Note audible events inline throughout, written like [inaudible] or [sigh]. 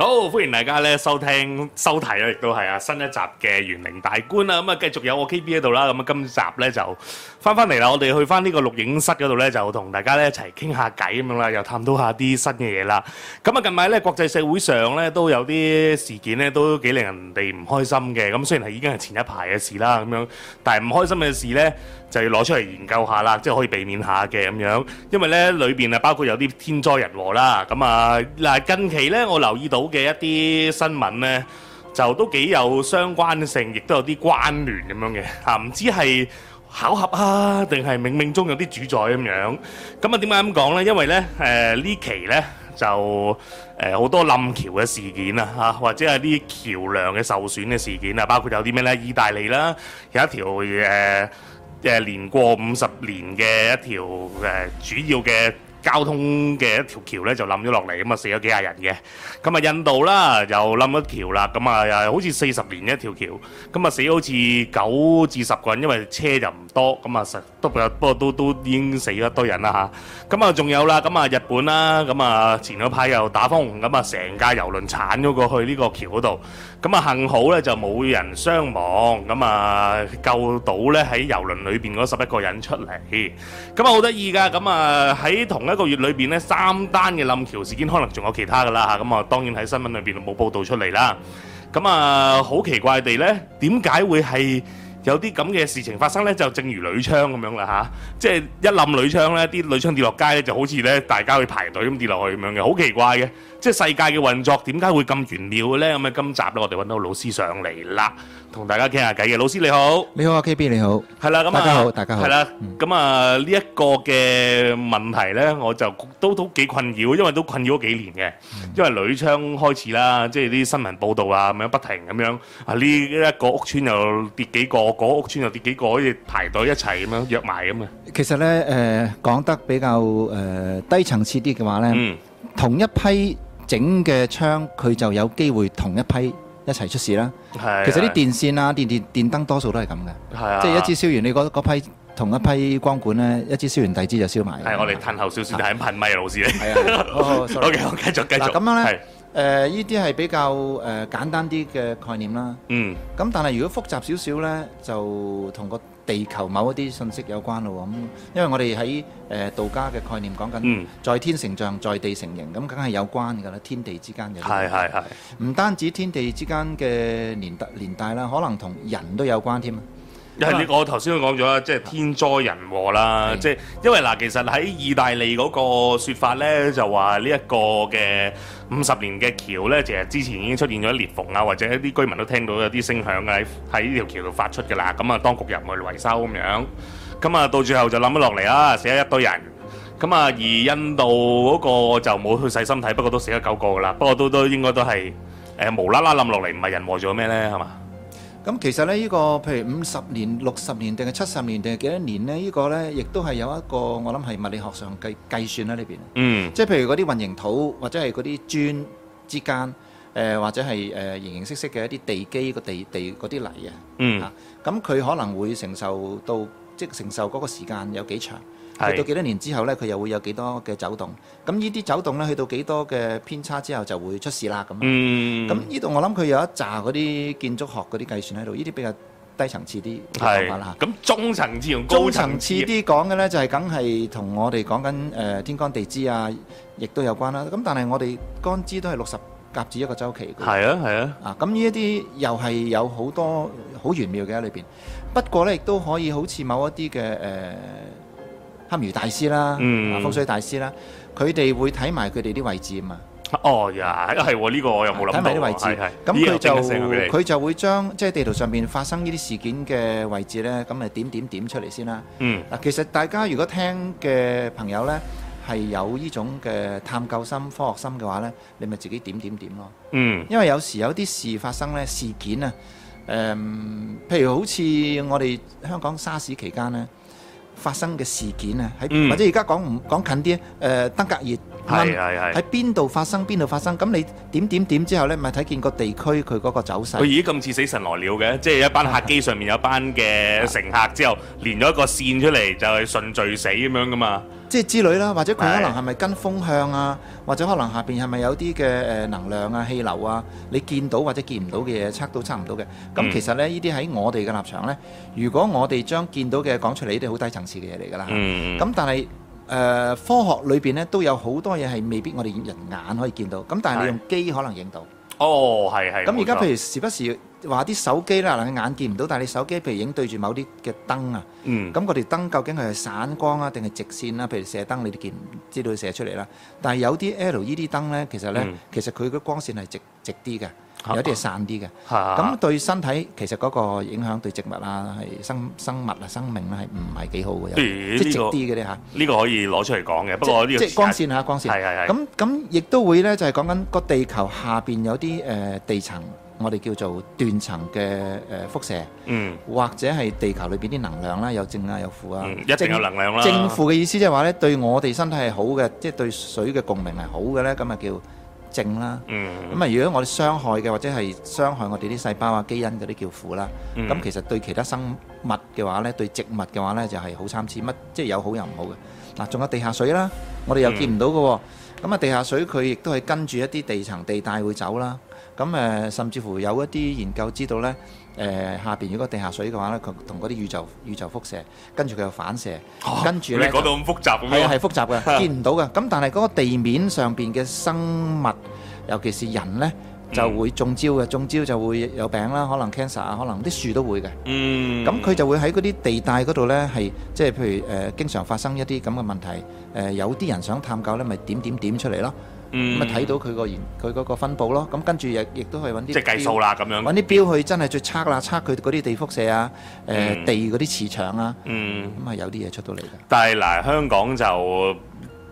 好，歡迎大家咧收聽、收睇咧，亦都係啊新一集嘅《玄靈大觀》啦。咁啊，繼續有我 KB 喺度啦。咁啊，今集咧就翻返嚟啦。我哋去翻呢個錄影室嗰度咧，就同大家咧一齊傾下偈咁樣啦，又探討下啲新嘅嘢啦。咁啊，近排咧國際社會上咧都有啲事件咧，都幾令人哋唔開心嘅。咁雖然係已經係前一排嘅事啦，咁樣，但係唔開心嘅事咧就要攞出嚟研究下啦，即係可以避免下嘅咁樣。因為咧裏面啊包括有啲天災人禍啦。咁啊嗱，近期咧我留意到嘅一啲新聞呢，就都幾有相關性，亦都有啲關聯咁樣嘅嚇，唔知係巧合啊，定係冥冥中有啲主宰咁樣？咁啊點解咁講呢？因為呢誒呢期呢就誒好多冧橋嘅事件啊嚇，或者係啲橋梁嘅受損嘅事件啊，包括有啲咩呢？意大利啦，有一條誒誒年過五十年嘅一條誒主要嘅。交通嘅一條橋咧就冧咗落嚟，咁啊死咗幾廿人嘅。咁啊印度啦又冧咗條橋啦，咁啊又好似四十年一條橋，咁啊死好似九至十個人，因為車就唔多，咁啊實不過都都，都已經死咗一堆人啦嚇。咁啊仲有啦，咁啊日本啦，咁啊前嗰排又打風，咁啊成架遊輪鏟咗過去呢個橋嗰度。咁啊，幸好咧就冇人傷亡，咁啊救到咧喺遊輪裏邊嗰十一個人出嚟，咁啊好得意噶，咁啊喺同一個月裏邊咧三單嘅冧橋事件，可能仲有其他噶啦嚇，咁啊當然喺新聞裏邊冇報道出嚟啦，咁啊好奇怪地咧，點解會係？有啲咁嘅事情發生咧，就正如鋁窗咁樣啦嚇，即係一冧鋁窗咧，啲鋁窗跌落街咧，就好似咧大家去排隊咁跌落去咁樣嘅，好奇怪嘅，即係世界嘅運作點解會咁玄妙咧？咁啊，今集咧我哋揾到老師上嚟啦，同大家傾下偈嘅。老師你好，你好啊，KB 你好，係啦咁啊，大家好，大家好，係啦咁啊呢一個嘅問題咧，我就都都幾困擾，因為都困擾咗幾年嘅，因為鋁窗開始啦，即係啲新聞報道啊咁樣不停咁樣啊呢一個屋村又跌幾個。嗰個屋村有啲幾個可以排隊一齊咁樣約埋咁嘅。其實咧，誒、呃、講得比較誒、呃、低層次啲嘅話咧，嗯，同一批整嘅窗，佢就有機會同一批一齊出事啦。係、啊。其實啲電線啊、啊電電電燈多數都係咁嘅。係啊。即係一支燒完你，你嗰批同一批光管咧，一支燒完第二支就燒埋。係、啊啊啊、我哋褪後少少，係咁、啊、噴咪老師。係啊， [laughs] 是啊，是啊、oh。OK，我繼續繼續、啊。嗱咁樣咧。誒呢啲係比較誒、呃、簡單啲嘅概念啦。嗯。咁但係如果複雜少少呢，就同個地球某一啲信息有關咯。咁因為我哋喺、呃、道家嘅概念講緊，在天成象，在地成形，咁梗係有關㗎啦。天地之間嘅係係係。唔單止天地之間嘅年，年代年代啦，可能同人都有關添。因為呢個，我頭先都講咗啦，即係天災人禍啦，即係因為嗱，其實喺意大利嗰個説法咧，就話呢一個嘅五十年嘅橋咧，其實之前已經出現咗裂縫啊，或者一啲居民都聽到有啲聲響喺喺呢條橋度發出㗎啦，咁啊，當局入去維修咁樣，咁啊到最後就冧咗落嚟啦，死咗一堆人。咁啊，而印度嗰個就冇去細心睇，不過都死咗九個噶啦，不過都都應該都係誒無啦啦冧落嚟，唔係人禍仲有咩咧？係嘛？咁其實呢，呢、呢個譬如五十年、六十年定係七十年定係幾多年呢，呢、呢個呢亦都係有一個我諗係物理學上計計算啦呢邊。嗯，即係譬如嗰啲混凝土或者係嗰啲磚之間，誒、呃、或者係誒、呃、形形色色嘅一啲地基個地地嗰啲泥、嗯、啊。嗯。咁佢可能會承受到，即承受嗰個時間有幾長？去到幾多年之後呢，佢又會有幾多嘅走動，咁呢啲走動呢，去到幾多嘅偏差之後就會出事啦咁。嗯，咁呢度我諗佢有一紮嗰啲建築學嗰啲計算喺度，呢啲比較低層次啲嘅方法啦。咁中層次用高層次啲講嘅呢，就係梗係同我哋講緊誒天干地支啊，亦都有關啦、啊。咁但係我哋乾支都係六十甲子一個週期嘅。係啊係啊啊！咁呢一啲又係有好多好玄妙嘅喺裏邊。不過呢，亦都可以好似某一啲嘅誒。呃堪輿大師啦，風水大師啦，佢哋會睇埋佢哋啲位置啊嘛。哦呀，係呢個我又冇諗到。睇埋啲位置，咁佢就佢就會將即係地圖上面發生呢啲事件嘅位置咧，咁咪點點點出嚟先啦。嗯，嗱，其實大家如果聽嘅朋友咧係有呢種嘅探究心、科學心嘅話咧，你咪自己點點點咯。嗯，因為有時有啲事發生咧，事件啊，誒，譬如好似我哋香港沙士期間咧。發生嘅事件啊，喺或者而家講唔講近啲？誒，登革熱，係係係，喺邊度發生？邊度發生？咁你點點點之後咧，咪睇見個地區佢嗰個走勢？佢咦，咁似死神來了嘅，即係一班客機上面有班嘅乘客，之後連咗一個線出嚟，就係順序死咁樣噶嘛。即係之類啦，或者佢可能係咪跟風向啊，或者可能下邊係咪有啲嘅誒能量啊、氣流啊，你見到或者見唔到嘅嘢，測都測唔到嘅，咁其實咧呢啲喺、嗯、我哋嘅立場咧，如果我哋將見到嘅講出嚟，呢啲好低層次嘅嘢嚟㗎啦。咁、嗯、但係誒、呃、科學裏邊咧都有好多嘢係未必我哋人眼可以見到，咁但係你用機可能影到。哦，係係。咁而家譬如時不時。話啲手機啦，嗱，你眼見唔到，但係你手機，譬如影對住某啲嘅燈啊，咁嗰條燈究竟佢係散光啊，定係直線啊？譬如射燈，你哋見知道射出嚟啦。但係有啲 LED 燈咧，其實咧，其實佢個光線係直直啲嘅，有啲係散啲嘅。咁對身體其實嗰個影響對植物啊、係生生物啊、生命咧係唔係幾好嘅？譬如即直啲嘅呢個呢個可以攞出嚟講嘅。不過我呢個即係光線吓光線。係係係。咁咁亦都會咧，就係講緊個地球下邊有啲誒地層。我哋叫做斷層嘅誒輻射，嗯，或者係地球裏邊啲能量啦，有正啊，有負啊，一定有能量啦。正負嘅意思即係話咧，對我哋身體係好嘅，即係對水嘅共鳴係好嘅咧，咁啊叫正啦。嗯，咁啊，如果我哋傷害嘅或者係傷害我哋啲細胞啊、基因嗰啲叫負啦。嗯，咁其實對其他生物嘅話咧，對植物嘅話咧，就係好參差，乜即係有好有唔好嘅。嗱，仲有地下水啦，我哋又見唔到㗎喎。咁啊，地下水佢亦都係跟住一啲地層地帶會走啦。咁誒，甚至乎有一啲研究知道咧，誒下邊如果地下水嘅話咧，佢同嗰啲宇宙宇宙輻射，跟住佢又反射，跟住咧，講到咁複雜咁樣，係複雜嘅，見唔到嘅。咁但係嗰個地面上邊嘅生物，尤其是人咧，就會中招嘅，中招就會有病啦，可能 cancer 啊，可能啲樹都會嘅。嗯，咁佢就會喺嗰啲地帶嗰度咧，係即係譬如誒，經常發生一啲咁嘅問題。誒有啲人想探究咧，咪點點點出嚟咯。嗯，咁啊睇到佢個源，佢嗰個分布咯。咁跟住亦亦都去揾啲即係計數啦，咁樣揾啲表去真係再測啦，測佢嗰啲地輻射啊，誒地嗰啲磁場啊。嗯，咁啊有啲嘢出到嚟嘅。但係嗱，香港就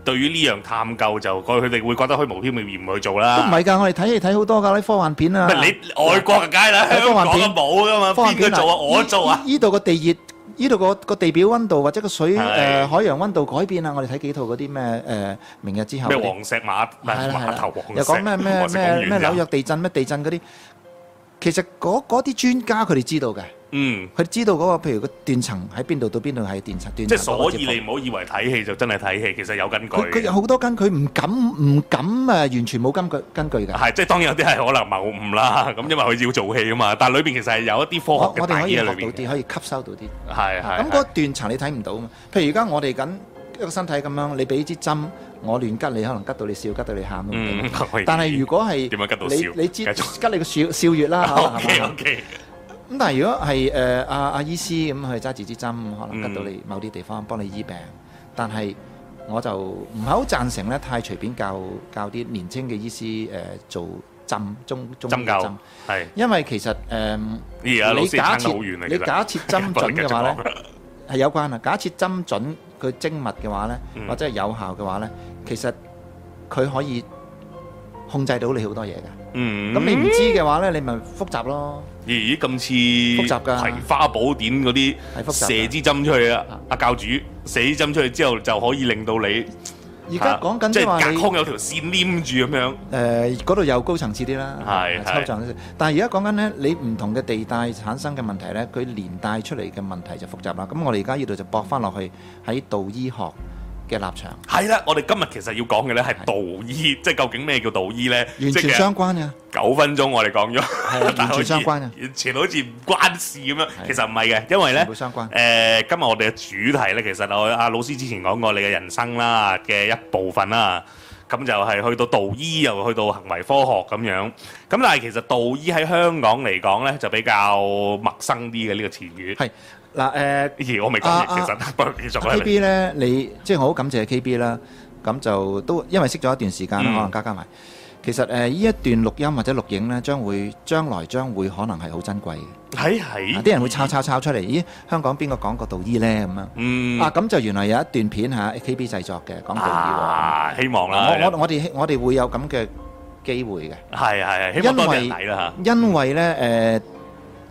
對於呢樣探究就佢佢哋會覺得可以虛無縹緲而唔去做啦。都唔係㗎，我哋睇嚟睇好多噶，啲科幻片啊。唔係你外國就佳啦，香港冇㗎嘛。科幻片做啊，我做啊。呢度個地熱。呢度個個地表溫度或者個水誒、呃、海洋溫度改變啊！我哋睇幾套嗰啲咩誒明日之後咩黃石馬馬頭黃石，又講咩咩咩咩紐約地震咩地震嗰啲。其實嗰嗰啲專家佢哋知道嘅，嗯，佢知道嗰個譬如個斷層喺邊度到邊度係斷層，即係所以你唔好以為睇戲就真係睇戲，其實有根據。佢佢有好多根，佢唔敢唔敢啊！完全冇根據根據㗎。係即係當然有啲係可能謬誤啦，咁因為佢要做戲啊嘛。但係裏邊其實係有一啲科學嘅大嘢裏邊。我我哋可以學到啲，可以吸收到啲。係係。咁嗰斷層你睇唔到啊嘛？譬如而家我哋緊一個身體咁樣，你俾支針。我亂吉你，可能吉到你笑，吉到你喊。嗯，但係如果係點樣吉到笑？你你知吉你個笑笑穴啦嚇。O K O K。咁但係如果係誒阿阿醫師咁去揸住支針，可能吉到你某啲地方幫你醫病。但係我就唔係好贊成咧，太隨便教教啲年輕嘅醫師誒做針中中藥針。係。因為其實誒，你假設你假設針準嘅話咧，係有關啊。假設針準佢精密嘅話咧，或者係有效嘅話咧。其實佢可以控制到你好多嘢嘅，咁、嗯、你唔知嘅話咧，你咪複雜咯。咦？今次葵花寶典嗰啲射支針出去啊？阿教主射支針出去之後，就可以令到你而家講緊即係隔空有條線黏住咁樣。誒、呃，嗰度又高層次啲啦，抽象啲。但係而家講緊咧，你唔同嘅地帶產生嘅問題咧，佢連帶出嚟嘅問題就複雜啦。咁我哋而家呢度就駁翻落去喺道醫學嘅立場係啦，我哋今日其實要講嘅咧係道醫，即係究竟咩叫道醫咧？完全相關嘅。九分鐘我哋講咗，完全相關嘅，完全好似唔關事咁樣。其實唔係嘅，因為咧誒，今日我哋嘅主題咧，其實我阿老師之前講過，你嘅人生啦嘅一部分啦，咁就係去到道醫又去到行為科學咁樣。咁但係其實道醫喺香港嚟講咧，就比較陌生啲嘅呢個詞語。係。嗱、呃、誒、欸，我未講完其實，繼續啦。K B 咧，你即係好感謝 K B 啦。咁就都因為識咗一段時間，可、嗯、能加加埋。其實誒，呢、呃、一段錄音或者錄影咧，將會將來將會可能係好珍貴嘅。係係，啲、啊、人會抄抄抄出嚟。咦？香港邊個講過道醫咧？咁、嗯、啊？嗯。啊咁就原來有一段片嚇、啊，K B 製作嘅講道醫喎、啊。希望啦。我我哋我哋會有咁嘅機會嘅。係係係，因為因為咧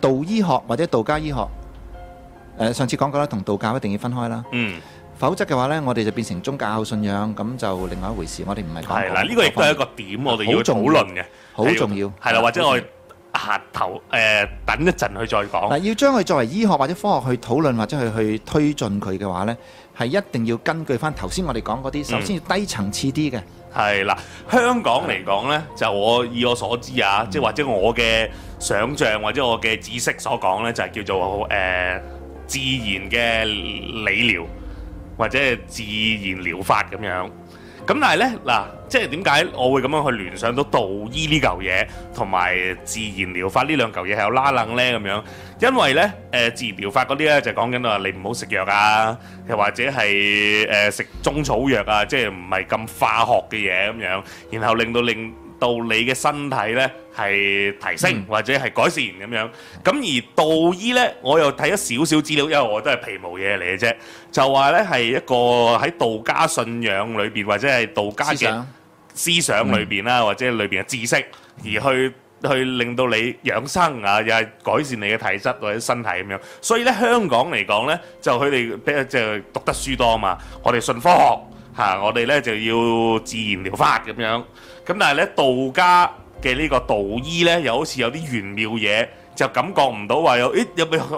誒，道醫學或者道家醫學。誒上次講過啦，同道教一定要分開啦。嗯，否則嘅話呢，我哋就變成宗教信仰，咁就另外一回事。我哋唔係講。係啦，呢、呢個亦都係一個點，我哋要討論嘅，好重要。係啦，或者我哋下頭誒、呃、等一陣去再講。要將佢作為醫學或者科學去討論，或者去去推進佢嘅話呢，係一定要根據翻頭先我哋講嗰啲，首先要低層次啲嘅。係啦，香港嚟講呢，係就我以我所知啊，嗯、即係或者我嘅想像或者我嘅知識所講呢，就係、係、叫做誒。呃自然嘅理療，或者係自然療法咁樣，咁但係呢，嗱，即係點解我會咁樣去聯想到道醫呢嚿嘢同埋自然療法這兩東西是呢兩嚿嘢係有拉楞呢咁樣？因為呢，誒、呃、自然療法嗰啲呢，就講緊話你唔好食藥啊，又或者係誒食中草藥啊，即係唔係咁化學嘅嘢咁樣，然後令到令。到你嘅身體咧係提升或者係改善咁樣，咁而道醫咧，我又睇咗少少資料，因為我都係皮毛嘢嚟嘅啫，就話咧係一個喺道家信仰裏邊或者係道家嘅思想裏邊啦，或者裏邊嘅知識，而去去令到你養生啊，又係改善你嘅體質或者身體咁樣。所以咧香港嚟講咧，就佢哋比較即係讀得書多嘛，我哋信科學吓，我哋咧就要自然療法咁樣。咁但係咧道家嘅呢個道醫咧，又好似有啲玄妙嘢，就感覺唔到話有誒有咩何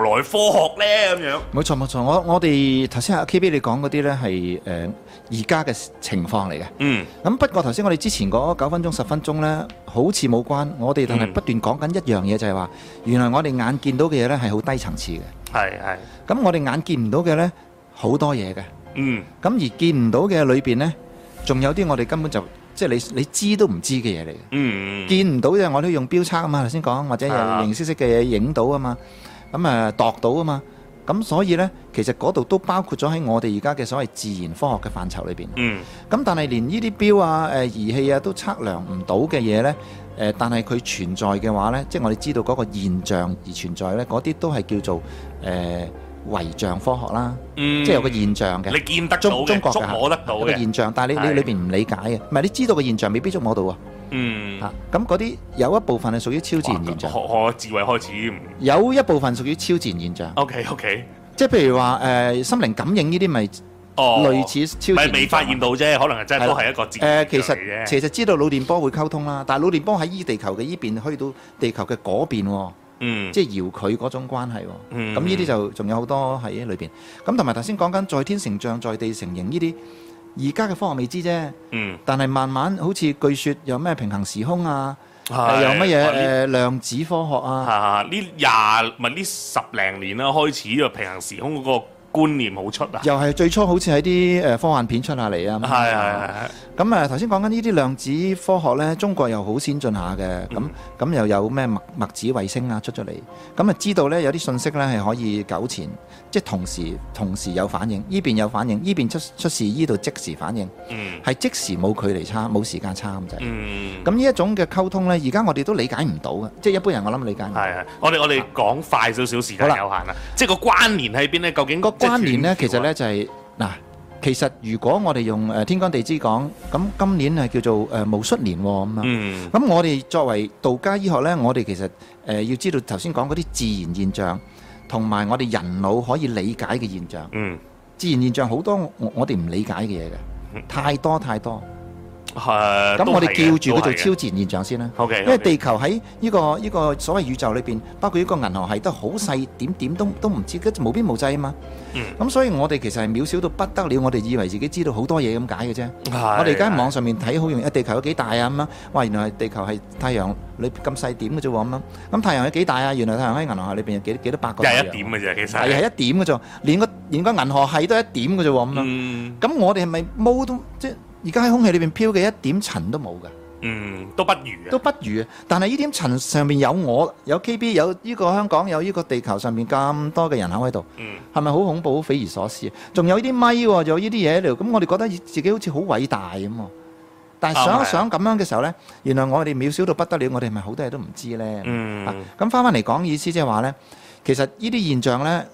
來科學咧咁樣？冇錯冇錯，我我哋頭先阿 KB 你講嗰啲咧係誒而家嘅情況嚟嘅。嗯。咁不過頭先我哋之前嗰九分鐘十分鐘咧，好似冇關。我哋但係不斷講緊一樣嘢，就係話原來我哋眼見到嘅嘢咧係好低層次嘅。係係。咁我哋眼見唔到嘅咧好多嘢嘅。嗯。咁而見唔到嘅裏邊咧，仲有啲我哋根本就即係你你知都唔知嘅嘢嚟嘅，見唔到嘅我都用標測啊嘛，頭先講，或者有形形色色嘅嘢影到啊嘛，咁啊度到啊嘛，咁所以呢，其實嗰度都包括咗喺我哋而家嘅所謂自然科學嘅範疇裏邊。咁、嗯、但係連呢啲標啊、誒、呃、儀器啊都測量唔到嘅嘢呢，誒、呃，但係佢存在嘅話呢，即係我哋知道嗰個現象而存在呢，嗰啲都係叫做誒。呃遺像科學啦，即係有個現象嘅、嗯，你見得到捉摸得到嘅現象。但係你你裏邊唔理解嘅，唔係你知道個現象，未必捉摸到啊。嗯，吓咁嗰啲有一部分係屬於超自然現象，學智、呃、慧開始。有一部分屬於超, okay, okay、呃超哦、自然現象。OK OK，即係譬如話誒心靈感應呢啲咪哦類似超，係未發現到啫，可能係真係都係一個誒，其實其實知道腦電波會溝通啦，但係腦電波喺呢地球嘅呢邊去到地球嘅嗰邊。嗯，即係遙佢嗰種關係喎。嗯，咁呢啲就仲有好多喺裏面。咁同埋頭先講緊在天成像，在地成形呢啲，而家嘅科學未知啫。嗯，但係慢慢好似據說有咩平行時空啊，啊有乜嘢量子科學啊。呢廿唔係呢十零年啦，開始啊平行時空嗰、嗰個。觀念好出啊！又係最初好似喺啲誒科幻片出下嚟啊！係係係。咁誒頭先講緊呢啲量子科學咧，中國又好先進下嘅。咁、嗯、咁又有咩墨墨子衛星啊出咗嚟？咁啊知道咧有啲信息咧係可以糾纏，即係同時同時有反應，呢邊有反應，呢邊出出事，呢度即時反應。嗯。係即時冇距離差，冇時間差咁就嗯。咁呢一種嘅溝通咧，而家我哋都理解唔到嘅，即係一般人我諗理解唔到、啊。我哋我哋講快少少、啊、時間有限啊！即係個關聯喺邊咧？究竟關聯呢，其實呢就係、是、嗱，其實如果我哋用誒、呃、天干地支講，咁今年係叫做誒戊戌年喎、喔，咁、嗯、啊，咁我哋作為道家醫學呢，我哋其實誒、呃、要知道頭先講嗰啲自然現象，同埋我哋人腦可以理解嘅現象、嗯，自然現象好多我哋唔理解嘅嘢嘅，太多太多。係、啊，咁我哋叫住佢做超自然現象先啦。因為地球喺呢、呢個呢、呢個所謂宇宙裏邊，包括呢個銀河系都好細點點都，都都唔知嘅，無邊無際啊嘛。嗯，咁所以我哋其實係渺小到不得了。我哋以為自己知道好多嘢咁解嘅啫。我哋而家喺網上面睇好容易，地球有幾大啊？咁樣，哇！原來係地球係太陽裏咁細點嘅啫喎。咁樣，咁太陽有幾大啊？原來太陽喺銀河系裏邊有幾幾多百個一點嘅啫，其實係一點嘅啫，連個連個銀河系都一點嘅啫喎。咁、嗯、我哋係咪毛都即？而家喺空氣裏面漂嘅一點塵都冇㗎，嗯，都不如、啊，都不如。但係呢點塵上面有我，有 KB，有呢個香港，有呢個地球上面咁多嘅人口喺度，嗯，係咪好恐怖、好匪夷所思？仲有呢啲咪喎，仲有呢啲嘢喺度，咁我哋覺得自己好似好偉大咁。但係想一想咁樣嘅時候呢、哦啊，原來我哋渺小到不得了，我哋咪好多嘢都唔知呢。嗯，咁翻翻嚟講意思即係話呢，其實呢啲現象呢。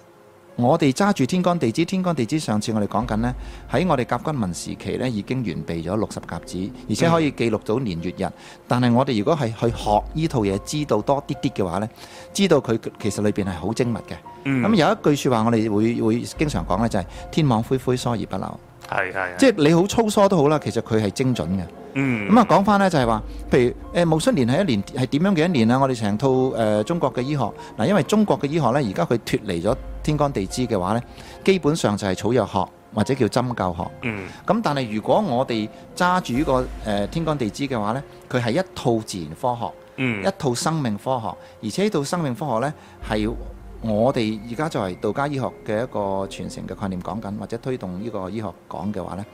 我哋揸住天干地支，天干地支上次我哋講緊呢，喺我哋甲骨文時期呢，已經完備咗六十甲子，而且可以記錄到年月日。但係我哋如果係去學依套嘢，知道多啲啲嘅話呢，知道佢其實裏邊係好精密嘅。咁、嗯、有一句說話我哋會會經常講呢、就是，就係天網恢恢，疏而不漏。係係， [music] 即係你好粗疏都好啦，其實佢係精準嘅。嗯，咁啊講翻呢，就係話，譬如誒戊戌年係一年係點樣嘅一年啊？我哋成套誒、呃、中國嘅醫學嗱，因為中國嘅醫學呢，而家佢脫離咗天干地支嘅話呢，基本上就係草藥學或者叫針灸學。嗯，咁但係如果我哋揸住呢個誒、呃、天干地支嘅話呢，佢係一套自然科學，嗯、一套生命科學，而且呢套生命科學呢係。是我哋而家作為道家醫學嘅一個傳承嘅概念講緊，或者推動呢個醫學講嘅話呢，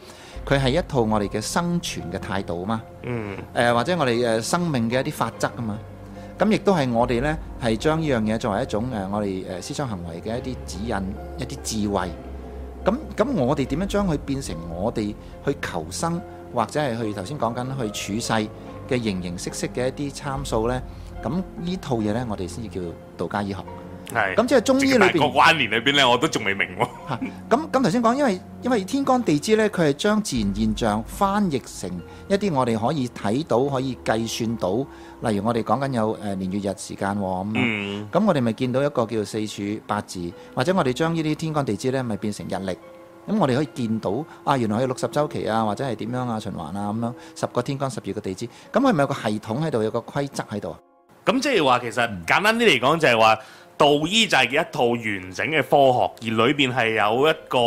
佢係一套我哋嘅生存嘅態度啊嘛。嗯。誒、呃，或者我哋誒生命嘅一啲法則啊嘛。咁亦都係我哋呢，係將呢樣嘢作為一種誒我哋誒思想行為嘅一啲指引、一啲智慧。咁咁，我哋點樣將佢變成我哋去求生，或者係去頭先講緊去處世嘅形形色色嘅一啲參數呢？咁呢套嘢呢，我哋先至叫道家醫學。係咁，即係中醫裏邊個關聯裏邊咧，我都仲未明喎。 [laughs] 咁咁頭先講，因為因為天干地支咧，佢係將自然現象翻譯成一啲我哋可以睇到、可以計算到。例如我哋講緊有誒年月日時間咁啊。咁我哋咪見到一個叫四柱八字，或者我哋將呢啲天干地支咧咪變成日曆。咁我哋可以見到啊，原來可以六十周期啊，或者係點樣循環啊循環啊咁樣。十個天干，十二個地支，咁係咪有個系統喺度，有個規則喺度啊？咁即係話，其實簡單啲嚟講，就係話。道醫就係嘅一套完整嘅科學，而裏邊係有一個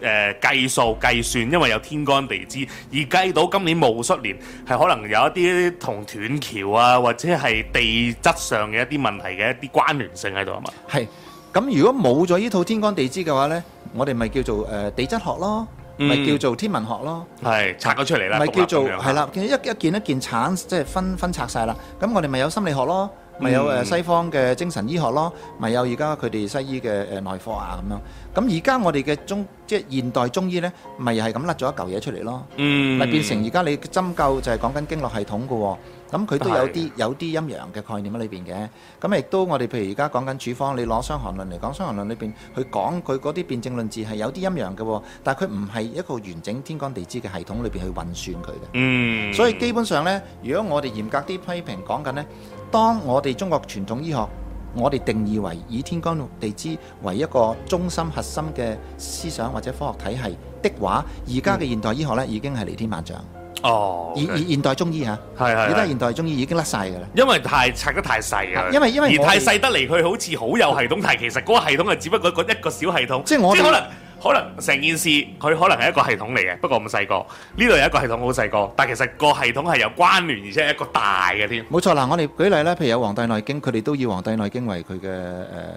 誒計數計算，因為有天干地支而計到今年戊戌年係可能有一啲同斷橋啊，或者係地質上嘅一啲問題嘅一啲關聯性喺度啊嘛。係，咁如果冇咗呢套天干地支嘅話呢，我哋咪叫做誒地質學咯，咪叫做天文學咯，係拆咗出嚟啦，咪叫做係啦，見一一件一件鏟，即係分分拆曬啦。咁我哋咪有心理學咯。咪有誒西方嘅精神醫學咯，咪有而家佢哋西醫嘅誒內科啊咁樣。咁而家我哋嘅中即係現代中醫咧，咪係咁甩咗一嚿嘢出嚟咯。嗯，咪變成而家你針灸就係講緊經絡系統㗎喎。咁佢都有啲有啲陰陽嘅概念喺裏邊嘅。咁亦都我哋譬如而家講緊處方，你攞《傷寒論》嚟講，《傷寒論》裏邊去講佢嗰啲辨證論治係有啲陰陽嘅喎。但係佢唔係一個完整天干地支嘅系統裏邊去運算佢嘅。嗯，所以基本上咧，如果我哋嚴格啲批評講緊咧。當我哋中國傳統醫學，我哋定義為以天干地支為一個中心核心嘅思想或者科學體系的話，而家嘅現代醫學呢已經係離天萬丈。哦、oh, okay.，現現代中醫吓，係而家現代中醫已經甩晒噶啦因為太拆得太細啊，因為因為太細得嚟，佢好似好有系統，但其實嗰個系統係只不過一個小系統，即係我即可能。可能成件事佢可能係一個系統嚟嘅，不過咁細個呢度有一個系統好細個，但其實個系統係有關聯，而且係一個大嘅添。冇錯啦，我哋舉例咧，譬如有《黃帝內經》，佢哋都以《黃帝內經》為佢嘅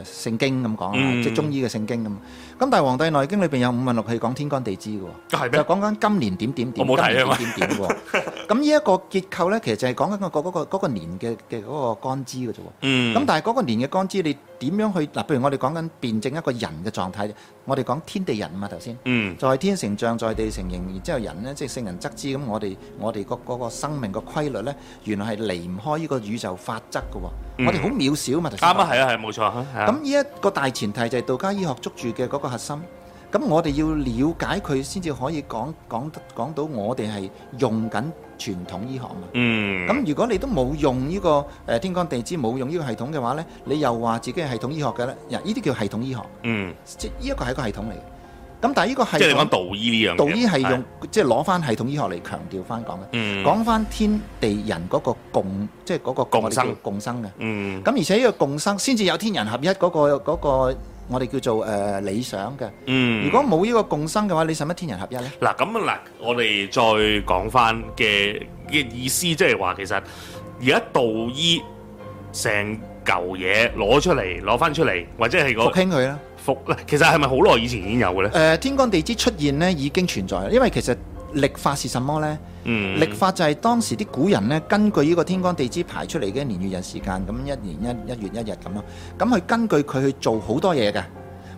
誒聖經咁講，嗯，即係中醫嘅聖經咁。咁但係《黃帝內經》裏邊有五運六氣講天干地支嘅喎、哦，就講緊今年點點點，我冇睇啊點點喎、哦。咁呢一個結構呢，其實就係講緊個年嘅嘅嗰個干支嘅啫喎。咁、嗯、但係嗰個年嘅干支，你點樣去嗱？譬如我哋講緊辨證一個人嘅狀態，我哋講天地人啊頭先。就係、嗯、在天成象，在地成形，然之後人呢，即係聖人則之。咁我哋我哋、嗰個生命嘅規律呢，原來係離唔開呢個宇宙法則嘅喎。我哋好渺小嘛，頭先啱啊，係啊，係冇錯。咁呢一個大前提就係道家醫學捉住嘅嗰、嗰個。核心咁，我哋要了解佢先至可以講講得講到我哋係用緊傳統醫學嘛？嗯。咁如果你都冇用呢個誒天干地支，冇用呢個系統嘅話咧，你又話自己係系統醫學嘅咧？呀，呢啲叫系統醫學。嗯。即係呢一個係一個系統嚟。咁但係呢個係即係你講道醫呢樣嘢。道醫係用即係攞翻系統醫學嚟強調翻講嘅，講翻天地人嗰個共即係嗰個共生共生嘅。嗯。咁而且呢個共生先至有天人合一嗰個嗰個。我哋叫做誒、呃、理想嘅、嗯，如果冇呢個共生嘅話，你使乜天人合一咧？嗱咁嗱，我哋再講翻嘅嘅意思就是說，即係話其實而家道醫成嚿嘢攞出嚟，攞翻出嚟，或者係、嗰個復興佢啦，復啦。其實係咪好耐以前已經有嘅咧？誒、呃，天干地支出現咧已經存在喇，因為其實。曆法是什麼呢？咧、嗯？曆法就係當時啲古人咧，根據呢個天干地支排出嚟嘅年月日時間，咁一年一一月一日咁咯。咁佢根據佢去做好多嘢嘅，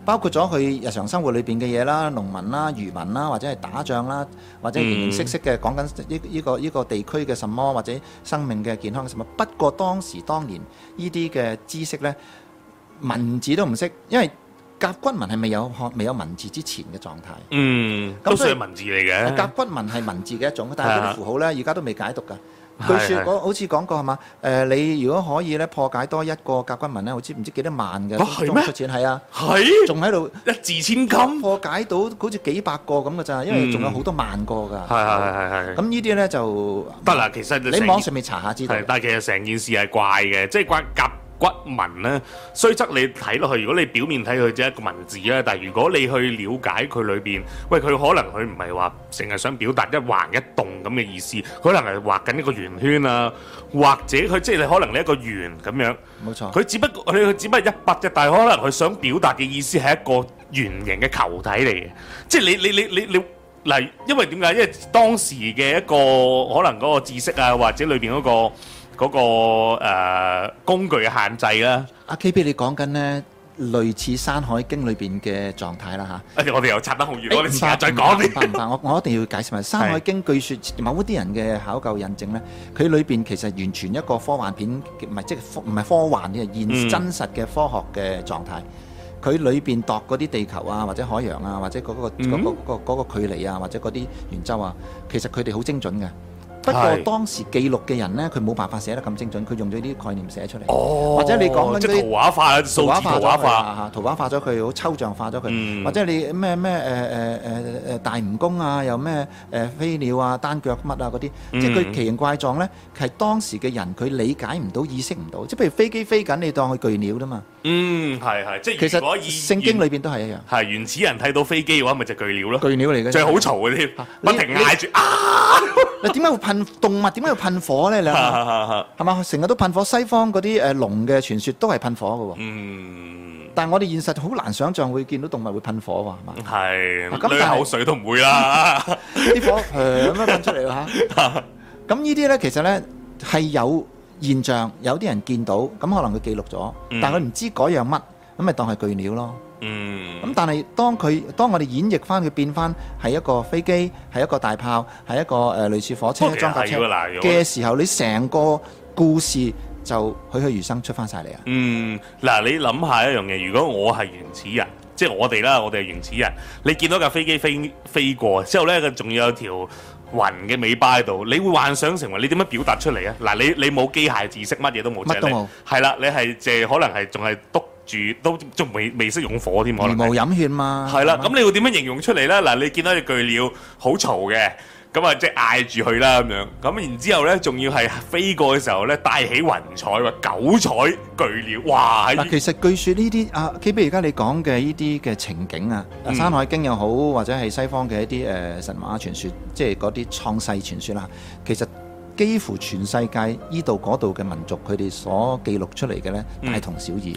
包括咗佢日常生活裏邊嘅嘢啦，農民啦、漁民啦，或者係打仗啦，或者形形色色嘅講緊呢個呢個呢個地區嘅什麼，或者生命嘅健康嘅什麼。不過當時當年呢啲嘅知識呢，文字都唔識，因為。甲骨文係未有未有文字之前嘅狀態，嗯，都算文字嚟嘅。甲骨文係文字嘅一種，但係啲符號咧，而家都未解讀嘅。據說我好似講過係嘛？誒、呃，你如果可以咧破解多一個甲骨文咧，好似唔知幾多萬嘅？哦？係咩？出錢係啊，係，仲喺度一字千金破解到好似幾百個咁嘅咋，因為仲有好多萬個噶。係係係係。咁呢啲咧就得啦。其實你網上面查一下知道是，但係其實成件事係怪嘅，即係怪甲。骨文咧，雖則你睇落去，如果你表面睇佢只係一個文字啊，但係如果你去了解佢裏邊，喂，佢可能佢唔係話淨係想表達一橫一棟咁嘅意思，可能係畫緊一個圓圈啊，或者佢即係你可能你一個圓咁樣，冇錯，佢只不過你佢只不過一百隻，但係可能佢想表達嘅意思係一個圓形嘅球體嚟嘅，即係你你你你你，嗱，因為點解？因為當時嘅一個可能嗰個知識啊，或者裏邊嗰個。嗰、那個、呃、工具嘅限制啦，阿、啊、K B，你講緊呢類似《山海經》裏邊嘅狀態啦嚇。我哋又差得好遠，我哋唔好再講。唔怕唔怕，我我一定要解釋埋《山海經》。據說某啲人嘅考究印證呢，佢裏邊其實完全一個科幻片，唔係即係科，唔、就、係、是、科幻嘅現真實嘅科學嘅狀態。佢裏邊度嗰啲地球啊，或者海洋啊，或者嗰、那個嗰、嗯那個那個距離啊，或者嗰啲圓周啊，其實佢哋好精準嘅。不過當時記錄嘅人咧，佢冇辦法寫得咁精準，佢用咗啲概念寫出嚟。哦，或者你講緊啲圖畫化、數字畫化、圖畫化，圖畫化咗佢，好抽象化咗佢、嗯，或者你咩咩誒誒誒誒大蜈蚣啊，又咩誒、呃、飛鳥啊、單腳乜啊嗰啲、嗯，即係佢奇形怪狀咧，係當時嘅人佢理解唔到、意識唔到。即係譬如飛機飛緊，你當佢巨鳥啫嘛。嗯，係係，即係其實聖經裏邊都係一樣。係原，原始人睇到飛機嘅話，咪就係、巨鳥咯。巨鳥嚟嘅，仲係好嘈嘅添，不停嗌住啊！你點解會噴動物？點解要噴火咧？你， [laughs] 係嘛？成日都噴火。西方嗰啲誒龍嘅傳説都係噴火㗎喎。嗯。但係我哋現實好難想像會見到動物會噴火喎，係嘛？係、啊。咁甩口水都唔會啦。 [laughs] 啲火咁樣噴出嚟嚇。咁、啊、 [laughs] 呢啲咧，其實咧係有現象，有啲人見到，咁可能佢記錄咗、嗯，但係佢唔知嗰樣乜，咁咪當係巨鳥咯。嗯，咁但係當佢當我哋演繹翻佢變翻係一個飛機，係一個大炮，係一個誒、呃、類似火車嘅裝甲車嘅時候，你成個故事就栩栩如生出翻晒嚟啊！嗯，嗱你諗下一樣嘢，如果我係原始人，即係我哋啦，我哋係原始人，你見到架飛機飛飛過之後呢，佢仲要有條雲嘅尾巴喺度，你會幻想成為你點樣表達出嚟啊？嗱，你你冇機械知識，乜嘢都冇，乜都冇，係啦，你係即可能係仲係篤住都仲未未識用火添，可能冇飲血嘛？係啦，咁你會點樣形容出嚟咧？嗱，你見到隻巨鳥好嘈嘅，咁啊即係嗌住佢啦咁樣，咁然之後咧，仲要係飛過嘅時候咧帶起雲彩，話九彩巨鳥，哇！嗱，其實據説呢啲啊，譬如而家你講嘅呢啲嘅情景啊，山海經又好，或者係西方嘅一啲誒神話傳説，即係嗰啲創世傳説啦，其實幾乎全世界依度嗰度嘅民族，佢哋所記錄出嚟嘅咧，大同小異。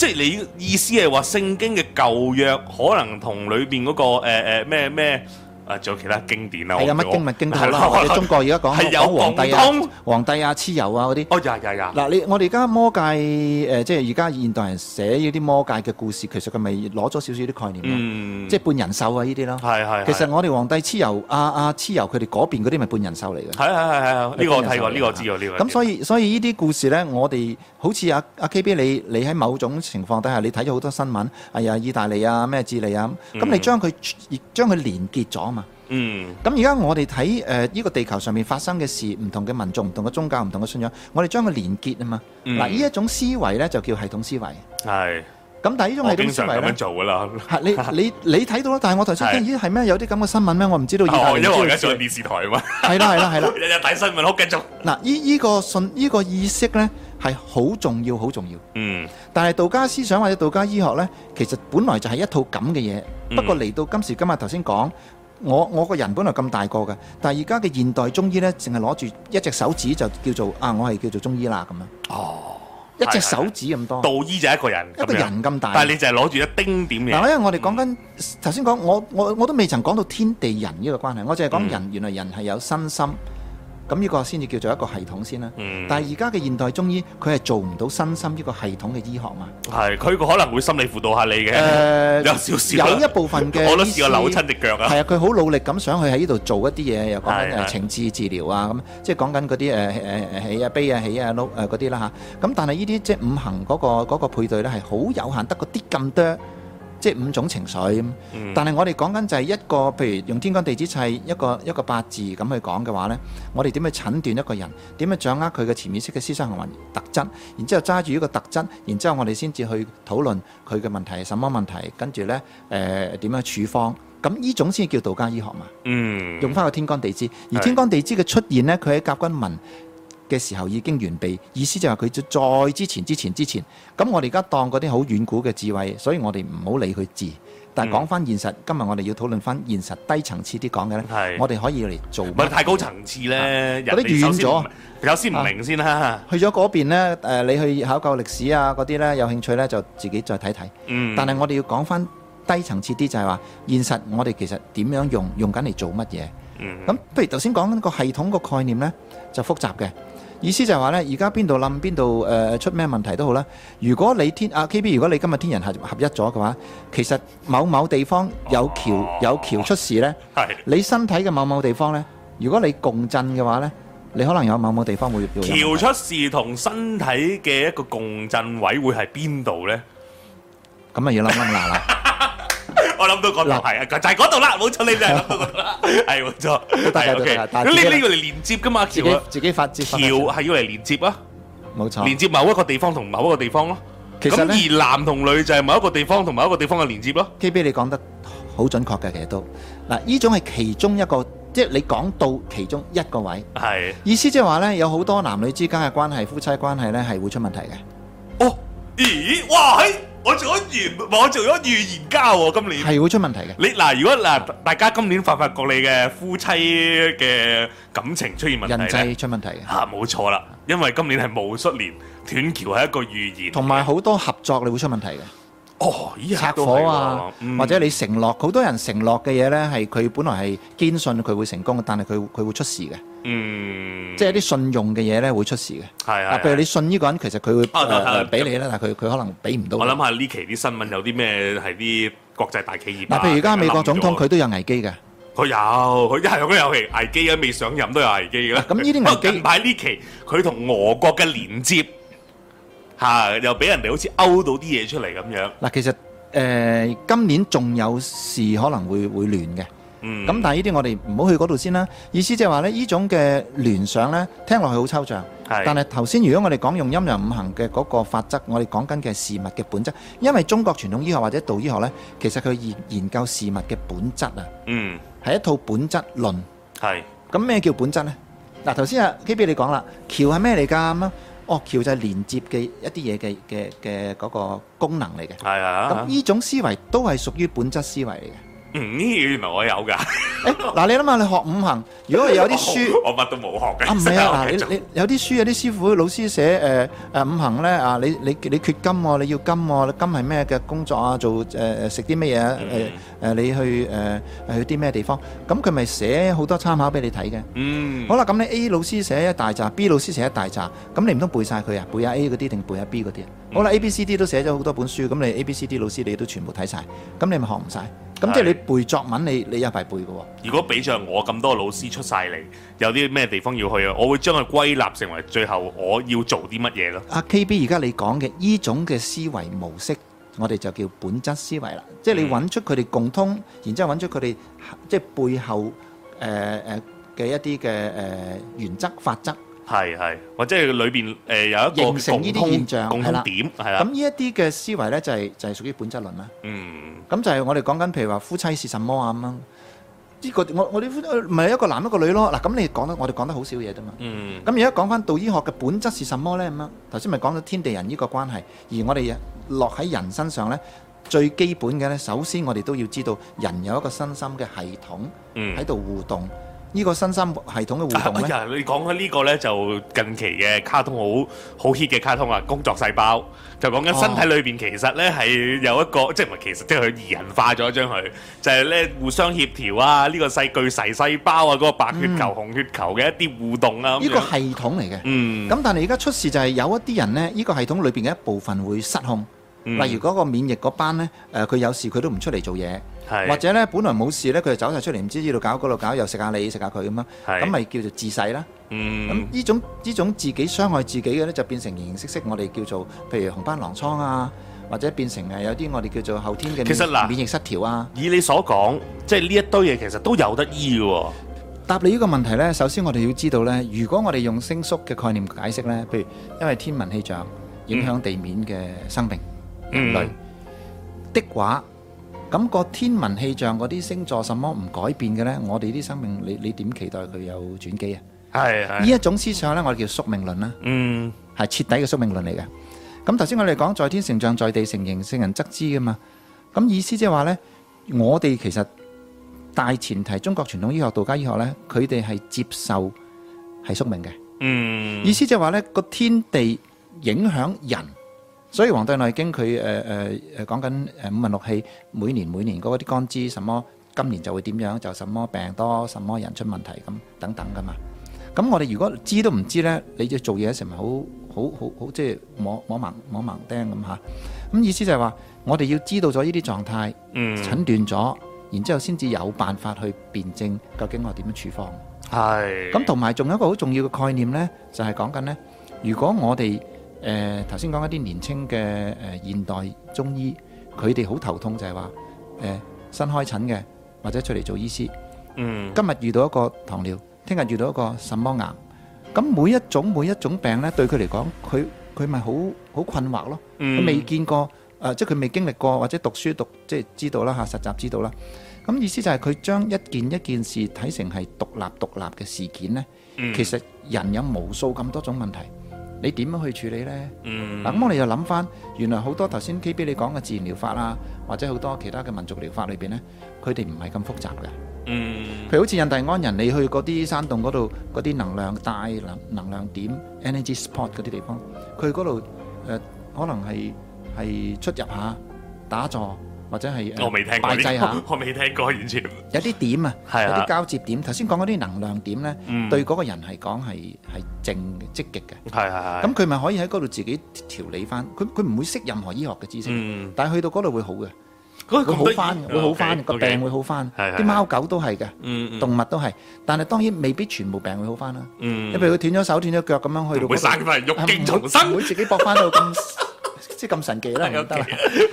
即係你意思係話聖經嘅舊約可能同裏邊嗰、那個誒誒咩咩？呃呃仲有其他經典啊，係、嗯、啊，乜經乜經都係啦。我 [laughs] 哋中國而家講有皇帝啊，皇帝啊，蚩尤啊嗰啲。哦、oh, yeah, yeah, yeah，呀呀呀！嗱，你我哋而家魔界誒，即係而家現代人寫呢啲魔界嘅故事，其實佢咪攞咗少少啲概念咯。嗯、即係半人獸啊，呢、嗯、啲咯。係係。其實我哋皇帝蚩尤啊啊蚩尤，佢哋嗰邊嗰啲咪半人獸嚟嘅。係係係係呢個我睇過，呢個知呢個。咁所以、呢個、所以呢啲故事咧，我哋好似阿、啊、阿 K B，你你喺某種情況底下，你睇咗好多新聞，係、哎、啊，意大利啊，咩智利啊，咁你將佢、嗯、將佢連結咗嗯，咁而家我哋睇誒呢個地球上面發生嘅事，唔同嘅民眾、唔同嘅宗教、唔同嘅信仰，我哋將佢連結啊嘛。嗱、嗯，呢一種思維咧就叫系統思維。係。咁但係呢種系統思維經常咁樣做噶啦。你你你睇到啦，但係我頭先咦係咩？有啲咁嘅新聞咩？我唔知道、哦。因為我而家上電視台啊嘛。係啦係啦係啦。睇新聞，好繼續。嗱，依 [laughs] 依個信依、這個意識咧係好重要好重要。嗯。但係道家思想或者道家醫學咧，其實本來就係一套咁嘅嘢，不過嚟到今時今日頭先講。我我個人本來咁大個嘅，但係而家嘅現代中醫呢，淨係攞住一隻手指就叫做啊，我係叫做中醫啦咁樣。哦，一隻手指咁多，道醫就係一個人，一個人咁大，但係你就係攞住一丁點嘅。嗱，因為我哋講緊頭先講，我我我都未曾講到天地人呢個關係，我就係講人、嗯、原來人係有身心。咁、這、呢個先至叫做一個系統先啦。嗯。但係而家嘅現代中醫，佢係做唔到身心呢個系統嘅醫學嘛。係，佢可能會心理輔導下你嘅。誒、呃，有少少。有一部分嘅。我都試過扭親隻腳啊。係啊，佢好努力咁想去喺呢度做一啲嘢，又講緊情志治療啊，咁即係講緊嗰啲誒誒喜啊悲啊喜啊怒誒嗰啲啦嚇。咁、呃、但係呢啲即係五行嗰、那個那個配對咧係好有限，得嗰啲咁多。即係五種情緒，嗯、但係我哋講緊就係一個，譬如用天干地支砌一個一個八字咁去講嘅話呢，我哋點去診斷一個人？點去掌握佢嘅潛意識嘅思想行為特質？然之後揸住依個特質，然之後我哋先至去討論佢嘅問題係什麼問題？跟住呢誒點、呃、樣處方？咁呢種先叫道家醫學嘛？嗯，用翻個天干地支，而天干地支嘅出現呢，佢喺甲骨文嘅時候已經完備，意思就係佢再再之前之前之前，咁我哋而家當嗰啲好遠古嘅智慧，所以我哋唔好理佢治。但講翻現實，今日我哋要討論翻現實低層次啲講嘅呢。我哋可以嚟做。唔係太高層次、啊啊、呢？有啲遠咗，有先唔明先啦。去咗嗰邊呢，你去考究歷史啊嗰啲呢，有興趣呢就自己再睇睇、嗯。但係我哋要講翻低層次啲，就係話現實，我哋其實點樣用用緊嚟做乜嘢？嗯。咁譬如頭先講緊個系統個概念呢，就複雜嘅。意思就係話呢，而家邊度冧邊度誒出咩問題都好啦。如果你天啊 K B，如果你今日天，天人合合一咗嘅話，其實某某地方有橋，oh. 有橋出事呢，oh. 你身體嘅某某地方呢，如果你共振嘅話呢，你可能有某某地方會橋出事同身體嘅一個共振位會係邊度呢？咁啊要諗諗啦。 [laughs] 我諗到嗰度係啊，就係嗰度啦，冇錯，你就係嗰度啦，係冇錯。O K，呢啲要嚟連接噶嘛，橋自己發接，橋係要嚟連接啊，冇錯，連接某一個地方同某一個地方咯。其實而男同女就係某一個地方同某一個地方嘅連接咯。K B，你講得好準確嘅，其實都嗱，呢種係其中一個，即係你講到其中一個位，係意思即係話咧，有好多男女之間嘅關係，夫妻關係咧，係會出問題嘅。哦，咦，哇嘿！我做咗預，我做咗預言家喎。今年係會出問題嘅。你嗱，如果嗱，大家今年發發覺你嘅夫妻嘅感情出現問題咧，人際出問題嚇，冇錯啦。因為今年係戊戌年，斷橋係一個預言，同埋好多合作你會出問題嘅。哦，拆夥啊、嗯，或者你承諾，好多人承諾嘅嘢咧，係佢本來係堅信佢會成功，嘅，但係佢佢會出事嘅。嗯，即係啲信用嘅嘢咧會出事嘅。係啊，譬如你信呢個人，其實佢會俾、啊呃啊、你啦、嗯，但係佢佢可能俾唔到。我諗下呢期啲新聞有啲咩係啲國際大企業、啊？嗱，譬如而家美國總統佢都有危機嘅。佢、啊、有，佢一係好有危危機嘅、啊，未上任都有危機嘅。咁呢啲危機、啊，喺呢期佢同俄國嘅連接。啊、又俾人哋好似勾到啲嘢出嚟咁樣。嗱，其實、呃、今年仲有事可能會會亂嘅。嗯。咁但係呢啲我哋唔好去嗰度先啦。意思即係話咧，呢種嘅聯想咧，聽落去好抽象。係。但係頭先如果我哋講用陰陽五行嘅嗰個法則，我哋講緊嘅事物嘅本質，因為中國傳統醫學或者道醫學咧，其實佢研研究事物嘅本質啊。嗯。係一套本質論。係。咁咩叫本質咧？嗱，頭先啊，KB 你講啦，橋係咩嚟㗎？咁啊？哦，橋就係連接嘅一啲嘢嘅嘅嘅嗰個功能嚟嘅。係啊，咁呢種思維都係屬於本質思維嚟嘅。嗯，呢嘢原來我有噶、 [laughs] 欸。嗱，你諗下，你學五行，如果係有啲書， [laughs] 我乜都冇學嘅。唔係啊，嗱、啊， [laughs] 你你有啲書有啲師傅老師寫誒誒、呃、五行咧啊，你你你缺金喎、哦，你要金喎、哦，金係咩嘅工作啊？做誒誒食啲乜嘢？誒、呃、誒、嗯呃、你去誒、呃、去啲咩地方？咁佢咪寫好多參考俾你睇嘅。嗯。好啦，咁你 A 老師寫一大扎，B 老師寫一大扎，咁你唔通背晒佢啊？背下 A 嗰啲定背下 B 嗰啲啊？好啦，A、B、C、D 都寫咗好多本書，咁你 A、B、C、D 老師你都全部睇晒，咁你咪學唔晒。咁、嗯、即係你背作文，你你有排背㗎喎。如果比上我咁多老師出晒嚟，有啲咩地方要去啊？我會將佢歸納成為最後我要做啲乜嘢咯。阿 KB，而家你講嘅呢種嘅思維模式，我哋就叫本質思維啦。即、嗯、係、就是、你揾出佢哋共通，然之後揾出佢哋即係背後嘅、呃呃、一啲嘅、呃、原則法則。係係，或者佢裏邊誒有一個共通，形成呢啲現象共通點，係啦。咁呢一啲嘅思維咧，就係就係屬於本質論啦。嗯。咁就係我哋講緊，譬如話夫妻是什麼啊咁樣？呢個我我哋唔係一個男一個女咯。嗱，咁你講得我哋講得好少嘢啫嘛。嗯。咁而家講翻道醫學嘅本質是什麼咧咁樣？頭先咪講咗天地人呢個關係，而我哋落喺人身上咧，最基本嘅咧，首先我哋都要知道人有一個身心嘅系統喺度互動。嗯。呢、這個身心系統嘅互動、啊哎、你講嘅呢個咧就近期嘅卡通好好 hit 嘅卡通啊，工作細胞就講緊身體裏邊其實呢係、哦、有一個，即係唔係其實即係佢擬人化咗一張佢，就係、是、呢互相協調啊，呢、這個細巨細細胞啊，嗰、那個白血球、嗯、紅血球嘅一啲互動啊，呢、這個系統嚟嘅，咁、嗯、但係而家出事就係有一啲人呢，呢、這個系統裏邊嘅一部分會失控。例如嗰個免疫嗰班咧，誒佢有事佢都唔出嚟做嘢，或者咧本來冇事咧佢就走晒出嚟，唔知呢度搞嗰度搞，又食下你食下佢咁樣，咁咪叫做自殺啦。咁、嗯、呢種呢種自己傷害自己嘅咧，就變成形形色色。我哋叫做，譬如紅斑狼瘡啊，或者變成係有啲我哋叫做後天嘅其實免疫失調啊。以你所講，即係呢一堆嘢其實都有得醫喎、哦。答你呢個問題呢，首先我哋要知道呢，如果我哋用升縮嘅概念解釋呢，譬如因為天文氣象影響地面嘅生命。嗯。嗯。的話，咁個天文氣象嗰啲星座，什麼唔改變嘅咧？我哋啲生命，你你點期待佢有轉機啊？係，呢一種思想咧，我哋叫宿命論啦。嗯。係徹底嘅宿命論嚟嘅。咁頭先我哋講在天成象，在地成形，聖人則之㗎嘛。咁意思即係話咧，我哋其實大前提，中國傳統醫學、道家醫學咧，佢哋係接受係宿命嘅。嗯。意思即係話咧，個天地影響人。所以《黃帝內經》佢誒誒誒講緊誒五運六氣，每年每年嗰啲乾支，什麼今年就會點樣，就什麼病多，什麼人出問題咁等等噶嘛。咁我哋如果知都唔知咧，你就做嘢成日好好好即係摸摸盲摸盲釘咁嚇。咁意思就係話，我哋要知道咗呢啲狀態，診斷咗，然之後先至有辦法去辨證，究竟我點樣處方。係。咁同埋仲有一個好重要嘅概念咧，就係講緊咧，如果我哋誒頭先講一啲年青嘅誒現代中醫，佢哋好頭痛就係話誒新開診嘅或者出嚟做醫師，嗯，今日遇到一個糖尿，聽日遇到一個什麼癌，咁每一種每一種病咧對佢嚟講，佢佢咪好好困惑咯，嗯，佢未見過誒，即係佢未經歷過或者讀書讀即係知道啦嚇實習知道啦，咁意思就係佢將一件一件事睇成係獨立獨立嘅事件咧，嗯，其實人有無數咁多種問題。你點樣去處理咧？嗱，咁我哋又諗翻，原來好多頭先 K B 你講嘅自然療法啦，或者好多其他嘅民族療法裏邊咧，佢哋唔係咁複雜嘅。嗯，譬如好似印第安人，你去嗰啲山洞嗰度，嗰啲能量帶、能能量點、energy spot 嗰啲地方，佢嗰度誒可能係係出入下打坐。或者係拜祭下，我未聽過完全。有啲點啊，有啲交接點。頭先講嗰啲能量點咧，對嗰個人嚟講係係正積極嘅。係係係。咁佢咪可以喺嗰度自己調理翻？佢佢唔會識任何醫學嘅知識，但係去到嗰度會好嘅，會好翻，會好翻，個病會好翻。啲貓狗都係嘅，動物都係。但係當然未必全部病會好翻啦。嗯。譬如佢斷咗手、斷咗腳咁樣去到，會散翻，浴經重生，唔會自己駁翻到咁。即係咁神奇啦，唔得啦。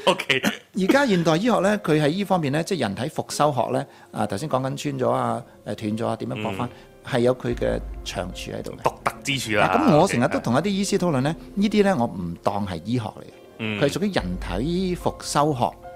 O K。而家現代醫學咧，佢喺呢方面咧，即係人體復修學咧。啊，頭先講緊穿咗啊，誒斷咗啊，點樣駁返？係、嗯、有佢嘅長處喺度，獨特之處啦、啊。咁、啊、我成日都同一啲醫師討論咧，呢啲咧我唔當係醫學嚟嘅，佢係屬於人體復修學。嗯嗯。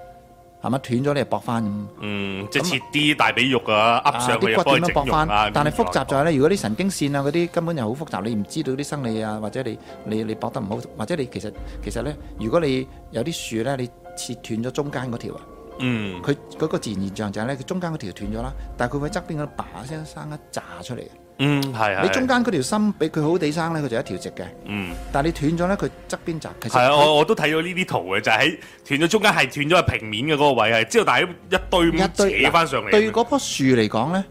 係咪斷咗你就搏翻？嗯，即係切啲大髀肉啊，噏、啊、上啲骨，點樣搏翻。但係複雜在咧，如果啲神經線啊嗰啲根本就好複雜，你唔知道啲生理啊，或者你你你搏得唔好，或者你其實其實咧，如果你有啲樹咧，你切斷咗中間嗰條啊，嗯，佢嗰個自然現象就係咧，佢中間嗰條斷咗啦，但係佢會喺側邊嗰度把聲生一炸出嚟。嗯，係啊，你中間嗰條心俾佢好地生咧，佢就一條直嘅。嗯。但係你斷咗咧，佢側邊雜。其實、啊、我我都睇咗呢啲圖嘅，就喺斷咗中間係斷咗喺平面嘅嗰個位，係之後大家一堆一堆咁扯翻上嚟。對嗰棵樹嚟講咧。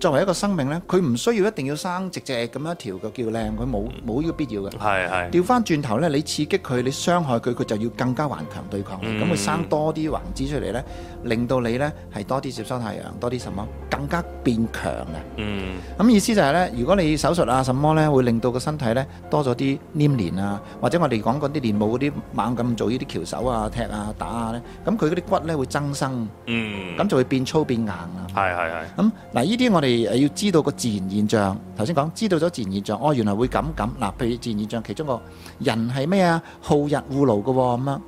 作為一個生命咧，佢唔需要一定要生直直咁樣一條個叫靚，佢冇冇呢個必要嘅。係係。調翻轉頭咧，你刺激佢，你傷害佢，佢就要更加頑強對抗你。咁佢生多啲橫枝出嚟咧，令到你咧係多啲接收太陽，多啲什麼，更加變強嘅。嗯。咁意思就係咧，如果你手術啊什麼咧，會令到個身體咧多咗啲黏連啊，或者我哋講嗰啲練武嗰啲猛咁做依啲橋手啊、踢啊、打啊咧，咁佢嗰啲骨咧會增生。嗯。咁就會變粗變硬啊。係係係。咁嗱，依啲我哋。要知道個自然現象，頭先講知道咗自然現象，哦，原來會咁咁。嗱，譬、嗯、如自然現象其中個人係咩啊？好逸惡勞嘅咁啊，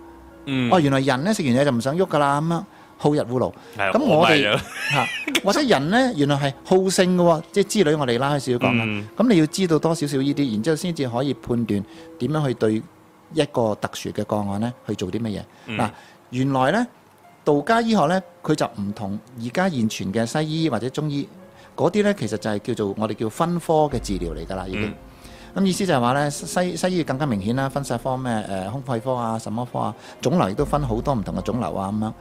哦，原來人咧食完嘢就唔想喐噶啦咁啊，好、嗯、逸惡勞。咁、嗯、我哋吓或者人咧原來係好勝嘅， [laughs] 即係之類我哋拉開少少講啦。咁、嗯、你要知道多少少呢啲，然之後先至可以判斷點樣去對一個特殊嘅個案咧去做啲乜嘢嗱。原來咧道家醫學咧佢就唔同而家現存嘅西醫或者中醫。嗰啲咧其實就係叫做我哋叫分科嘅治療嚟㗎啦，已、嗯、經。咁意思就係話咧，西西醫更加明顯啦，分晒科咩誒、呃，胸肺科、科啊，什麼科啊，腫瘤亦都分好多唔同嘅腫瘤啊咁樣。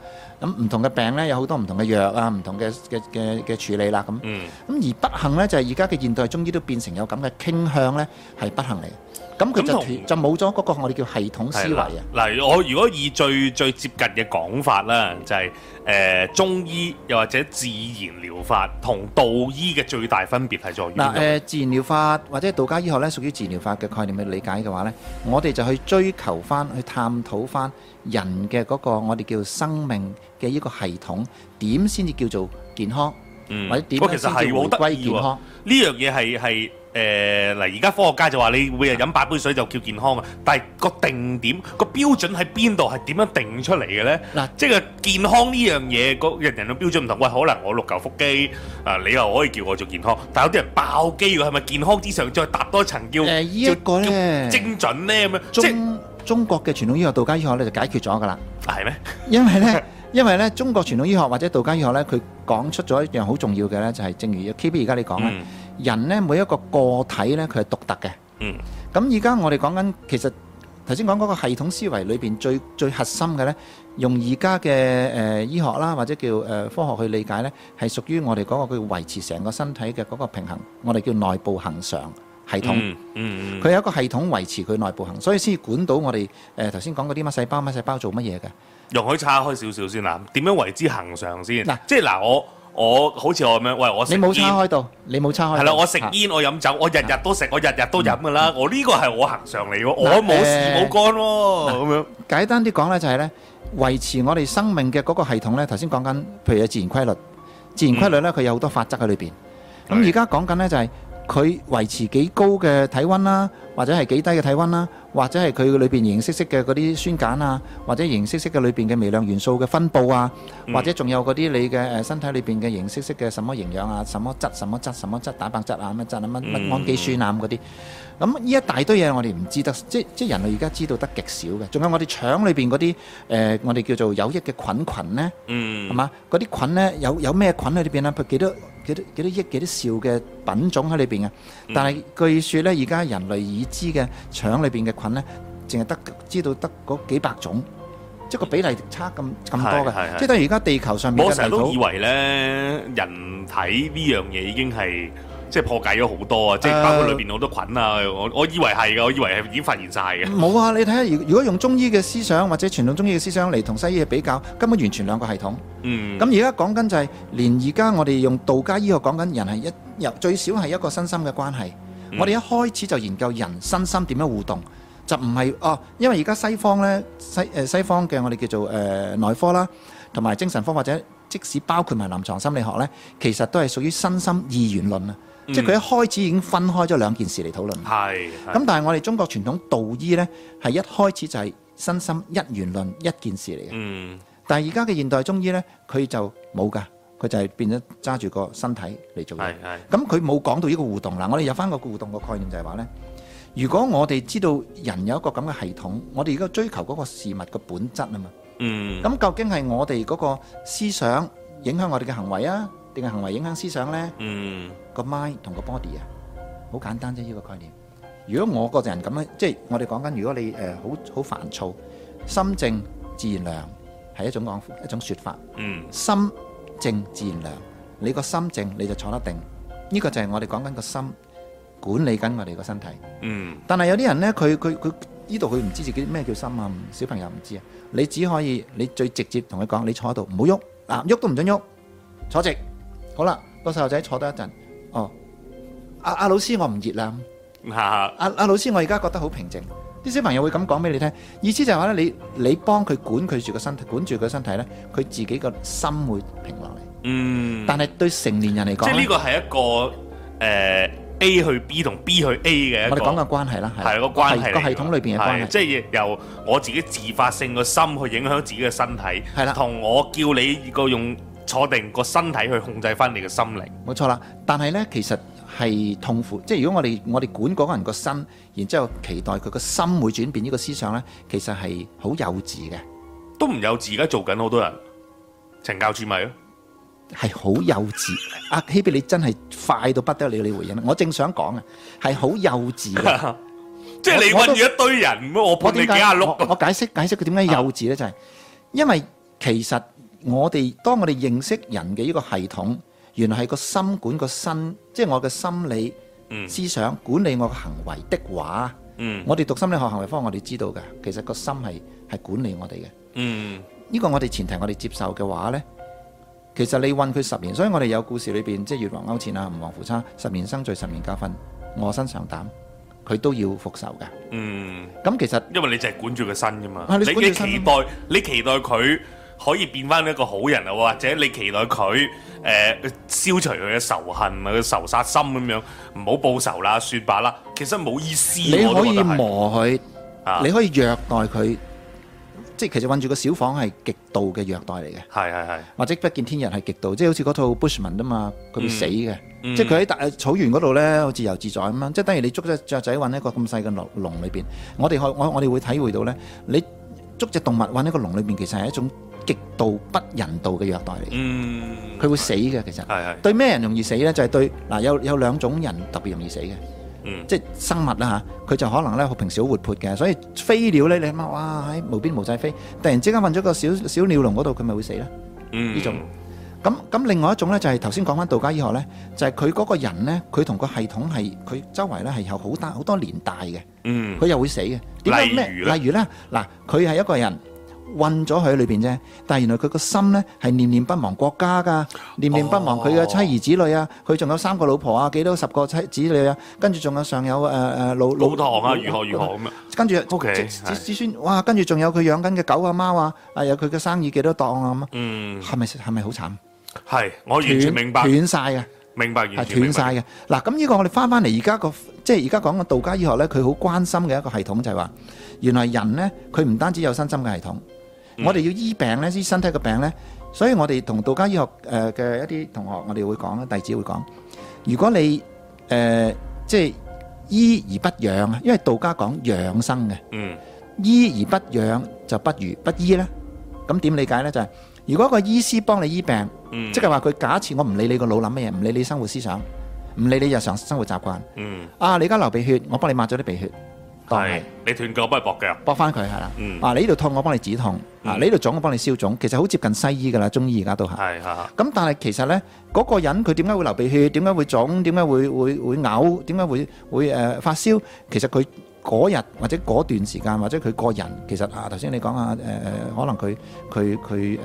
咁唔同嘅病咧，有好多唔同嘅藥啊，唔同嘅嘅嘅嘅處理啦咁。咁、嗯、而不幸咧，就係而家嘅現代中醫都變成有咁嘅傾向咧，係不幸嚟。咁佢就就冇咗嗰個我哋叫系統思維啊！嗱，我如果以最最接近嘅講法啦，就係、是呃、中醫又或者自然療法同道醫嘅最大分別係在於嗱、呃、自然療法或者道家醫學咧，屬於自然療法嘅概念去理解嘅話咧，我哋就去追求翻去探討翻人嘅嗰、嗰個我哋叫生命嘅依個系統點先至叫做健康，嗯、或者點其實係冇得歸健康呢、嗯啊、樣嘢係係。誒、呃、嗱，而家科學家就話你每日飲八杯水就叫健康啊，但係個定點、個標準喺邊度係點樣定出嚟嘅咧？嗱、呃，即係健康呢樣嘢個人人嘅標準唔同，喂，可能我六嚿腹肌啊、呃，你又可以叫我做健康，但有啲人爆肌，係咪健康之上再搭多一層叫，誒、呃這個、呢個精準咧咁樣，即中國嘅傳統醫學、道家醫學咧就解決咗㗎啦，係咩？因為咧。 [laughs] 因為咧，中國傳統醫學或者道家醫學咧，佢講出咗一樣好重要嘅咧，就係、是、正如 K B 而家你講咧、嗯，人咧每一個個體咧，佢係獨特嘅。嗯。咁而家我哋講緊，其實頭先講嗰個系統思維裏邊最最核心嘅咧，用而家嘅誒醫學啦，或者叫誒、呃、科學去理解咧，係屬於我哋嗰、嗰個佢維持成個身體嘅嗰個平衡，我哋叫內部恒常系統。嗯。佢、嗯、有、嗯、一個系統維持佢內部恒，所以先管到我哋誒頭先講嗰啲乜細胞乜細胞做乜嘢嘅。容許岔開少少先啦，點樣為之恆常先？嗱，即係嗱，我我好似我咁樣，喂，我食煙，你冇岔開到，你冇岔開。係啦，我食煙，我飲酒，我日日都食，我日日都飲噶啦。我呢個係我恆常嚟喎，我冇事冇幹喎。咁樣簡單啲講呢，就係呢維持我哋生命嘅嗰個系統呢。頭先講緊，譬如自然規律，自然規律呢，佢有好多法則喺裏邊。咁而家講緊呢，就係佢維持幾高嘅體温啦，或者係幾低嘅體温啦。或者係佢裏邊形式式嘅嗰啲酸鹼啊，或者形式式嘅裏邊嘅微量元素嘅分布啊，嗯、或者仲有嗰啲你嘅誒身體裏邊嘅形式式嘅什麼營養啊、什麼質、什麼質、什麼質、蛋白質啊、乜質啊乜氨基酸啊咁嗰啲，咁呢、嗯、一大堆嘢我哋唔知得，即即人類而家知道得極少嘅。仲有我哋腸裏邊嗰啲誒，我哋叫做有益嘅菌群呢，係、嗯、嘛？嗰啲菌呢，有有咩菌喺裏邊啊？佢幾多幾多幾多億幾多兆嘅品種喺裏邊啊？但係據説呢，而家人類已知嘅腸裏邊嘅。菌咧，淨係得知道得嗰幾百種，即係個比例差咁咁多嘅。即係等於而家地球上面。我成日都以為咧，人體呢樣嘢已經係即係破解咗好多啊、呃！即係包括裏邊好多菌啊，我我以為係嘅，我以為係已經發現晒嘅。冇啊！你睇下，如果用中醫嘅思想或者傳統中醫嘅思想嚟同西醫去比較，根本完全兩個系統。嗯。咁而家講緊就係，連而家我哋用道家醫學講緊人係一入最少係一個身心嘅關係。嗯、我哋一開始就研究人身心點樣互動。就唔係哦，因為而家西方咧，西誒西方嘅我哋叫做誒內科啦，同埋精神科或者即使包括埋臨牀心理學咧，其實都係屬於身心二元論啊！即係佢一開始已經分開咗兩件事嚟討論。係，咁但係我哋中國傳統道醫咧，係一開始就係身心一元論一件事嚟嘅。嗯，但係而家嘅現代中醫咧，佢就冇㗎，佢就係變咗揸住個身體嚟做。係係，咁佢冇講到呢個互動嗱。我哋有翻個互動個概念就係話咧。如果我哋知道人有一個咁嘅系統，我哋而家追求嗰個事物嘅本質啊嘛。嗯。咁究竟係我哋嗰個思想影響我哋嘅行為啊，定係行為影響思想呢？嗯。個 mind 同個 body 啊，好簡單啫，呢個概念。如果我個人咁樣，即係我哋講緊，如果你誒好好煩躁，心靜自然涼，係一種講一種說法。嗯。心靜自然涼，你個心靜你就坐得定，呢個就係我哋講緊個心。管理緊我哋個身體，嗯。但係有啲人呢，佢佢佢呢度佢唔知自己咩叫心啊。小朋友唔知啊。你只可以你最直接同佢講，你坐喺度唔好喐，嗱喐、啊、都唔准喐，坐直。好啦，個細路仔坐多一陣。哦，阿、啊、阿老師我，我唔熱啦。嚇、啊！阿老師，我而家覺得好平靜。啲小朋友會咁講俾你聽，意思就係話咧，你你幫佢管佢住個身體，管住個身體呢，佢自己個心會平落嚟。嗯。但係對成年人嚟講，即係呢個係一個誒。呃 A 去 B 同 B 去 A 嘅我哋我講嘅關係啦，係個關係，個系統裏邊嘅關係，即係、就是、由我自己自發性個心去影響自己嘅身體，係啦，同我叫你個用坐定個身體去控制翻你嘅心靈，冇錯啦。但係呢，其實係痛苦，即係如果我哋我哋管嗰個人個身，然之後期待佢個心會轉變呢個思想呢，其實係好幼稚嘅，都唔幼稚，而家做緊好多人，陳教主咪咯。係好幼稚， [laughs] 阿希比你真係快到不得了！你回應，我正想講啊，係好幼稚 [laughs] 即係你困住一堆人咯。我點解？我解釋解釋佢點解幼稚呢？啊、就係、是、因為其實我哋當我哋認識人嘅呢個系統，原來係個心管個身，即、就、係、是、我嘅心理思想、嗯、管理我嘅行為的話，嗯、我哋讀心理學行為科，我哋知道嘅，其實個心係係管理我哋嘅。嗯，呢個我哋前提我哋接受嘅話呢。其實你韞佢十年，所以我哋有故事裏邊，即係越王勾踐啊，吳王夫差，十年生聚十年教訓，卧薪嘗膽，佢都要復仇嘅。嗯，咁其實因為你就係管住佢身噶嘛、啊，你期待、啊、你期待佢可以變翻一個好人啊，或者你期待佢誒消除佢嘅仇恨、佢仇殺心咁樣，唔好報仇啦、雪白啦，其實冇意思。你可以磨佢、啊，你可以虐待佢。即係其實揾住個小房係極度嘅虐待嚟嘅，係係係，或者不見天日係極度，即係好似嗰套 Bushman 啊嘛，佢會死嘅，嗯、即係佢喺大草原嗰度咧，好自由自在咁樣。即係等於你捉隻雀仔揾一個咁細嘅籠籠裏邊，我哋我我哋會體會到咧，你捉隻動物揾一個籠裏邊，其實係一種極度不人道嘅虐待嚟嘅。嗯，佢會死嘅其實，係係對咩人容易死咧？就係、是、對嗱、呃，有有兩種人特別容易死嘅。即係生物啦吓，佢就可能咧，平時好活潑嘅。所以飛鳥咧，你諗下，哇喺，無邊無際飛，突然之間瞓咗個小小鳥籠嗰度，佢咪會死咧？呢種咁咁，另外一種咧就係頭先講翻道家醫學咧，就係佢嗰個人咧，佢同個系統係佢周圍咧，係有好多好多年大嘅，嗯，佢又會死嘅。點解？例如例如咧，嗱，佢係一個人。混咗佢喺裏邊啫，但係原來佢個心咧係念念不忘國家㗎，念念不忘佢嘅妻兒子女啊，佢、哦、仲有三個老婆啊，幾多十個妻子女啊，跟住仲有上有誒誒、呃、老老堂啊、呃，如何如何咁、okay，啊，跟住子子孫哇，跟住仲有佢養緊嘅狗啊、貓啊，啊有佢嘅生意幾多檔啊咁啊，嗯，係咪係咪好慘？係，我完全明白，斷晒嘅，明白完全明白，斷曬嘅。嗱，咁、這、呢個我哋翻翻嚟而家個，即係而家講嘅道家醫學咧，佢好關心嘅一個系統就係、是、話，原來人咧佢唔單止有身心嘅系統。我哋要醫病呢，醫身體嘅病呢。所以我哋同道家醫學誒嘅、呃、一啲同學，我哋會講啦，弟子會講。「如果你誒、呃、即係醫而不養啊，因為道家講養生嘅，嗯，醫而不養就不如不醫呢。」咁點理解呢？就係、是、如果一個醫師幫你醫病，嗯、即係話佢假設我唔理你個腦諗乜嘢，唔理你生活思想，唔理你日常生活習慣，嗯，啊你而家流鼻血，我幫你抹咗啲鼻血。但係，你斷腳不係駁腳，駁返佢係啦。啊，你呢度痛我幫你止痛，嗯，啊，你呢度腫我幫你消腫，其實好接近西醫噶啦，中醫而家都係。係啊，咁、嗯、但係其實咧，嗰、嗰個人佢點解會流鼻血？點解會腫？點解會會會嘔？點解會會誒、呃、發燒？其實佢。嗰日或者嗰段時間，或者佢個人，其實啊頭先你講下誒誒，可能佢佢佢誒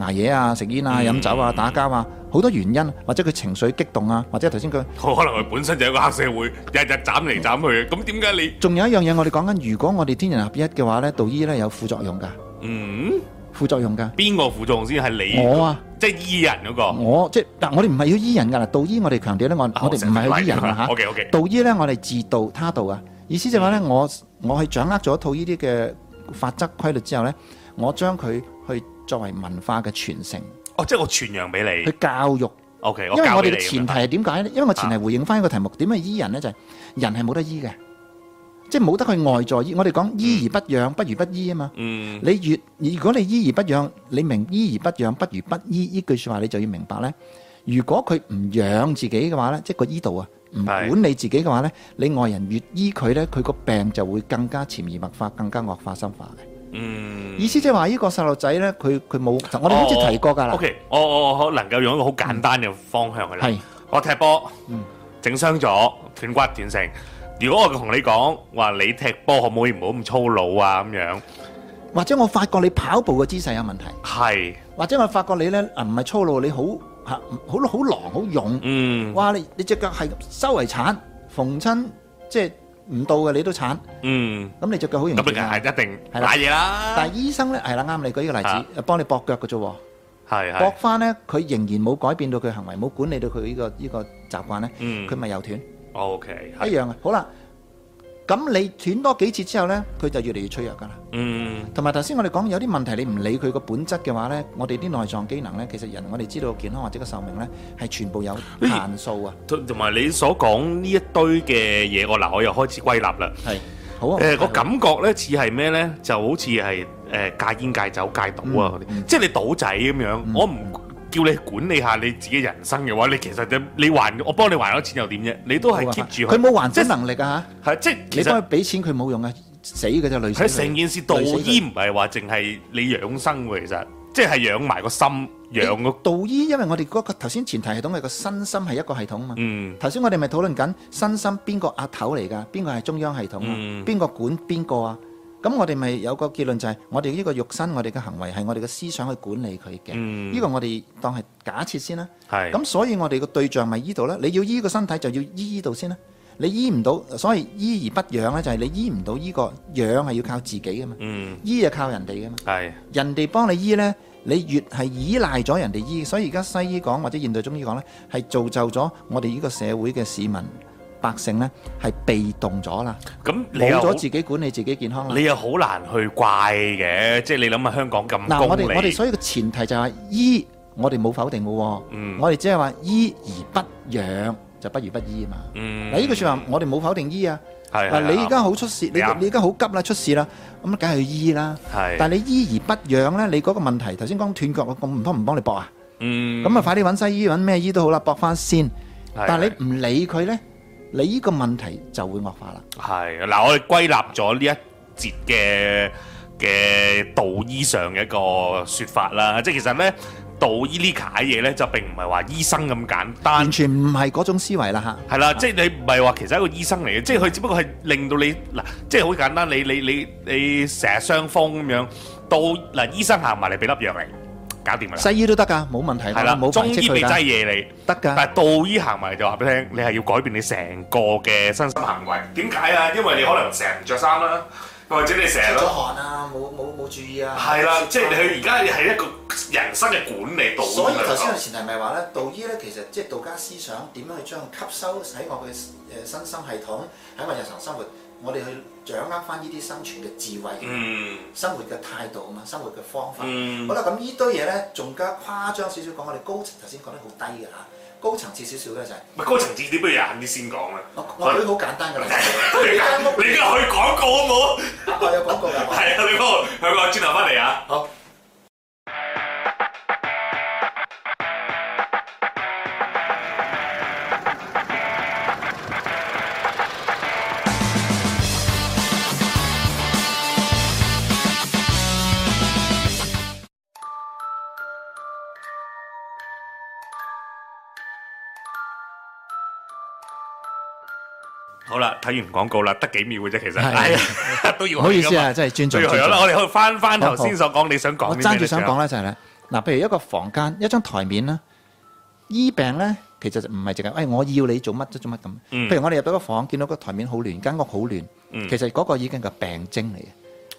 捱夜啊、食煙啊、飲酒啊、打交啊，好、嗯、多原因，或者佢情緒激動啊，或者頭先佢可能佢本身就係個黑社會，嗯、日日斬嚟斬去，咁點解你？仲有一樣嘢，我哋講緊，如果我哋天人合一嘅話咧，道醫咧有副作用㗎。嗯。副作用噶？邊個副作用先係你、那個？我啊，即係醫人嗰、嗰個。我即係嗱，但我哋唔係要醫人㗎啦。道醫我哋強調咧、啊，我我哋唔係去醫人嚇。 [laughs] [laughs] OK OK。道醫咧，我哋自道他道啊。意思就係話咧，我我去掌握咗一套呢啲嘅法則規律之後咧，我將佢去作為文化嘅傳承。哦，即係我傳揚俾你去教育。OK，因為我哋嘅前提係點解咧？因為我前提回應翻一個題目，點解醫人咧？就係、是、人係冇得醫嘅。即係冇得去外在醫，我哋講醫而不養不如不醫啊嘛。你越如果你醫而不養，你明醫而不養不如不醫呢句説話，你就要明白咧。如果佢唔養自己嘅話咧，即係個醫道啊，唔管理自己嘅話咧，你外人越醫佢咧，佢個病就會更加潛移默化、更加惡化深化嘅。嗯，意思即係話呢個細路仔咧，佢佢冇我哋好似提過㗎啦。O K，哦哦，我能夠用一個好簡單嘅方向㗎啦。係，我踢波整傷咗斷骨斷成，如果我同你講話，你踢波可唔可以唔好咁粗魯啊？咁樣，或者我發覺你跑步嘅姿勢有問題，係，或者我發覺你咧啊，唔係粗魯，你好嚇，好多好狼，好勇，嗯，哇，你你隻腳係收嚟鏟，逢親即係唔到嘅，你都鏟，嗯，咁你隻腳好容易斷，係一定，瀨嘢啦。但係醫生咧係啦，啱你舉呢個例子，幫你駁腳嘅啫喎，係駁翻咧，佢仍然冇改變到佢行為，冇管理到佢呢個呢個習慣咧，佢咪又斷。O K，一樣啊，好啦，咁你斷多幾次之後咧，佢就越嚟越脆弱噶啦。嗯，同埋頭先我哋講有啲問題，你唔理佢個本質嘅話咧，我哋啲內臟機能咧，其實人我哋知道健康或者個壽命咧，係全部有限數啊。同同埋你所講呢一堆嘅嘢，我嗱我又開始歸納啦。係，好啊。誒，個感覺咧似係咩咧？就好似係誒戒煙戒酒戒賭啊嗰啲，即係你賭仔咁樣。我唔。叫你管理下你自己人生嘅話，你其實你你還我幫你還咗錢又點啫？你都係 keep 住佢冇還清能力啊！係即係你幫佢俾錢，佢冇用啊！死嘅啫，累。佢成件事道醫唔係話淨係你養生嘅，其實即係養埋個心，養個道醫。因為我哋嗰個頭先前提系統係個身心係一個系統啊嘛。嗯。頭先我哋咪討論緊身心邊個阿頭嚟噶？邊個係中央系統啊？嗯、邊個管邊個啊？咁我哋咪有個結論就係，我哋呢個肉身，我哋嘅行為係我哋嘅思想去管理佢嘅。呢、嗯這個我哋當係假設先啦、啊。咁所以我哋嘅對象咪醫到啦。你要醫個身體就要醫醫到先啦、啊。你醫唔到，所謂醫而不養咧、這個，就係你醫唔到呢個養係要靠自己嘅嘛。醫、嗯、係靠人哋嘅嘛。人哋幫你醫咧，你越係依賴咗人哋醫，所以而家西醫講或者現代中醫講咧，係造就咗我哋呢個社會嘅市民。百姓咧係被動咗啦，咁冇咗自己管理自己健康。你又好難去怪嘅，即係你諗下香港咁。嗱，我哋我哋所以個前提就係醫，我哋冇否定嘅。我哋只係話醫而不養，就不如不醫啊嘛。嗱，呢句説話我哋冇否定醫啊。嗱，你而家好出事，你你而家好急啦，出事啦，咁梗係去醫啦。但係你醫而不養咧，你嗰個問題頭先講斷腳，我咁唔幫唔幫你駁啊？咁啊，快啲揾西醫揾咩醫都好啦，駁翻先。但係你唔理佢咧？你呢個問題就會惡化啦。係，嗱，我哋歸納咗呢一節嘅嘅道醫上嘅一個説法啦。即係其實咧，道醫呢啲嘢咧就並唔係話醫生咁簡單，完全唔係嗰種思維啦嚇。係啦，即係你唔係話其實一個醫生嚟嘅，即係佢只不過係令到你嗱，即係好簡單，你你你你成日傷風咁樣，到嗱醫生行埋嚟俾粒藥嚟。搞掂啦！西醫都得噶，冇問題啦。係啦，冇中醫畀齋嘢你，得㗎。但係道醫行埋嚟就話俾你聽，你係要改變你成個嘅身心行為。點解？係啊，因為你可能成日唔著衫啦，或者你成日出咗汗啊，冇冇冇注意啊。係啦，即係你而家係一個人生嘅管理道。所以頭先嘅前提咪話咧，道醫咧其實即係道家思想點樣去將吸收喺我嘅誒身心系統喺我日常生活，我哋去，掌握翻呢啲生存嘅智慧，生活嘅態度啊嘛，生活嘅方法。嗯、好啦，咁呢堆嘢咧，仲加誇張少少講，我哋高層頭先講得好低㗎吓，高層次少少咧就係、是。唔係高層次，你不如晏啲先講啊！我我舉好簡單嘅啦、就是。你而家你而家去廣告好冇？我有廣告嘅。係 [laughs] 啊，你 [laughs] 好，佢個轉頭翻嚟啊，好。睇完廣告啦，得幾秒嘅啫，其實係啊、哎嗯，都要。唔好意思啊，真係尊重。最好啦，我哋可以翻翻頭先所講你想講。我爭住想講咧就係、是、咧，嗱，譬如一個房間，一張台面啦，醫病咧其實就唔係淨係，誒、哎，我要你做乜都做乜咁。譬、嗯、如我哋入到個房，見到個台面好亂，間屋好亂，其實嗰個已經係個病徵嚟嘅。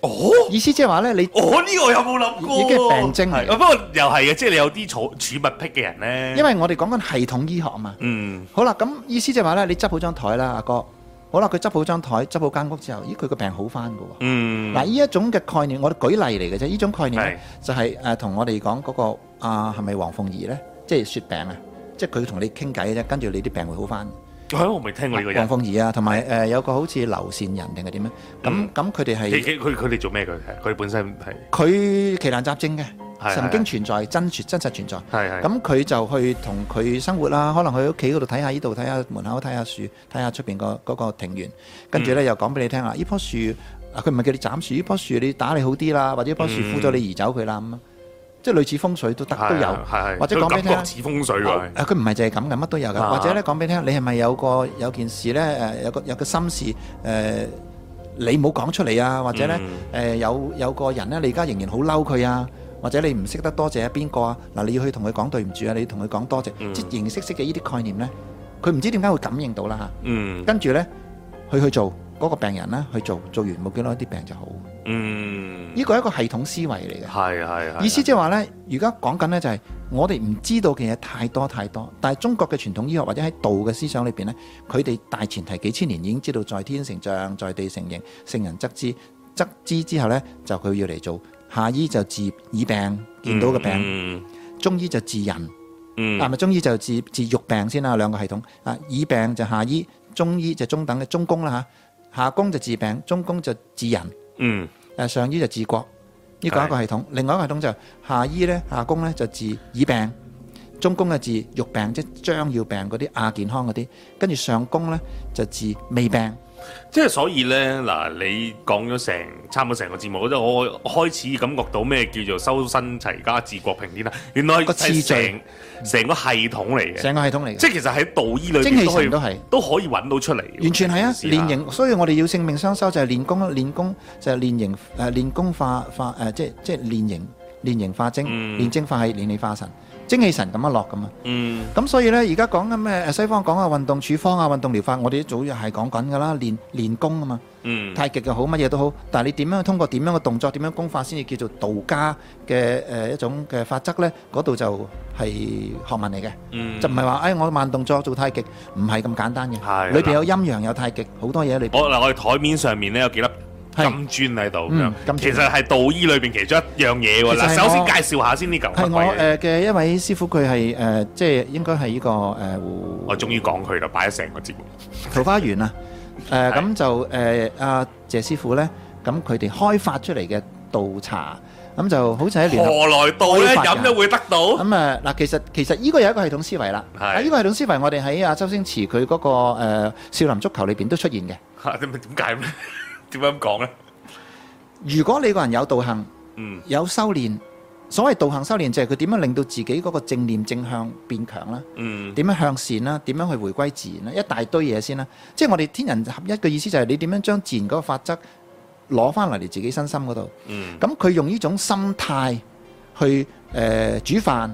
哦，意思即係話咧，你、哦這個、我呢個有冇諗過？已經係病徵嚟，不過又係嘅，即係、就是、你有啲儲物癖嘅人咧。因為我哋講緊系統醫學啊嘛。嗯。好啦，咁意思即係話咧，你執好張台啦，阿哥，哥。好啦，佢執好張台，執好間屋之後，咦，佢個病好翻噶。嗱，呢一種嘅概念，我哋舉例嚟嘅啫。呢種概念咧，就係誒同我哋講嗰個啊，係、呃、咪黃鳳儀咧？即係雪病啊，即係佢同你傾偈啫，跟住你啲病會好翻。係、哎，我未聽過呢個人。黃鳳儀啊，同埋誒有個好似劉善人定係點樣？咁咁佢哋係佢佢哋做咩？佢佢本身係佢奇難雜症嘅，曾經存在真絕真實存在。係，係咁佢就去同佢生活啦，可能去屋企嗰度睇下呢度，睇下門口，睇下樹，睇下出邊個嗰個庭園。跟住咧又講俾你聽啊！呢、嗯、棵樹啊，佢唔係叫你斬樹，呢棵樹你打你好啲啦，或者棵樹枯咗你移走佢啦咁、嗯即係類似風水都得，都有，或者講俾聽似風水嘅。啊，佢唔係淨係咁嘅，乜都有嘅。或者咧講俾聽，你係咪有個有件事咧？誒，有個有個心事誒，你唔好講出嚟啊！或者咧誒，有有個人咧，你而家仍然好嬲佢啊！或者你唔識得多謝邊個啊？嗱，你要去同佢講對唔住啊，你要同佢講多謝。即係形式式嘅呢啲概念咧，佢唔知點解會感應到啦嚇。嗯。跟住咧，去去做嗰個病人啦，去做做完冇幾耐，啲病就好。嗯，呢個係一個系統思維嚟嘅，意思即係話咧，而家講緊咧就係我哋唔知道嘅嘢太多太多，但係中國嘅傳統醫學或者喺道嘅思想裏邊咧，佢哋大前提幾千年已經知道在天成象，在地成形，聖人則之，則之之後咧，就佢要嚟做下醫就治已病，見到嘅病、嗯嗯，中醫就治人，但、嗯、咪中醫就治治肉病先啦。兩個系統啊，已病就下醫，中醫就中等嘅中工啦嚇，下工就治病，中工就治人。嗯，誒，上醫就治國，呢個一個系統。另外一個系統就係、下醫呢，下工呢就治已病，中工嘅治肉病，即係將要病嗰啲亞健康嗰啲，跟住上工呢就治未病。即係所以咧嗱，你講咗成差唔多成個節目，我都我開始感覺到咩叫做修身齊家治國平天下。原來個次序成個系統嚟嘅，成個系統嚟嘅，即係其實喺道醫裏邊精氣神都係都可以揾到出嚟嘅。完全係啊！練形，所以我哋要性命雙修就係、是、練功啦。練功就係練形誒，練功化化誒，即係即係練型練形化精，練精化氣，練氣化神。精氣神咁樣落咁啊！咁所以咧，而家講緊咩，誒西方講啊，運動處方啊、運動療法，我哋一早就係講緊噶啦，練練功啊嘛。太極又好，乜嘢都好，但係你點樣通過點樣嘅動作，點樣功法先至叫做道家嘅誒一種嘅法則咧？嗰度就係學問嚟嘅，就唔係話誒我慢動作做太極，唔係咁簡單嘅。係，裏邊有陰陽有太極，好多嘢嚟。我嗱，我哋台面上面咧有幾粒。金磚喺度，其實係道醫裏邊其中一樣嘢啦。首先介紹下先呢嚿。係我誒嘅一位師傅，佢係誒即係應該係呢個誒。我終於講佢啦，擺喺成個節目。桃花源啊，誒咁就誒阿謝師傅咧，咁佢哋開發出嚟嘅道茶，咁就好似一何來道咧？飲都會得到。咁啊嗱，其實其實呢個有一個系統思維啦。係呢個系統思維，我哋喺阿周星馳佢嗰個誒少林足球裏邊都出現嘅。吓，咁點解咧？點樣講呢？如果你個人有道行，嗯，有修練，所謂道行修練就係佢點樣令到自己嗰個正念正向變強啦，嗯，點樣向善啦，點樣去回歸自然啦，一大堆嘢先啦。即係我哋天人合一嘅意思就係你點樣將自然嗰個法則攞翻嚟你自己身心嗰度，嗯，咁佢用呢種心態去誒、呃、煮飯。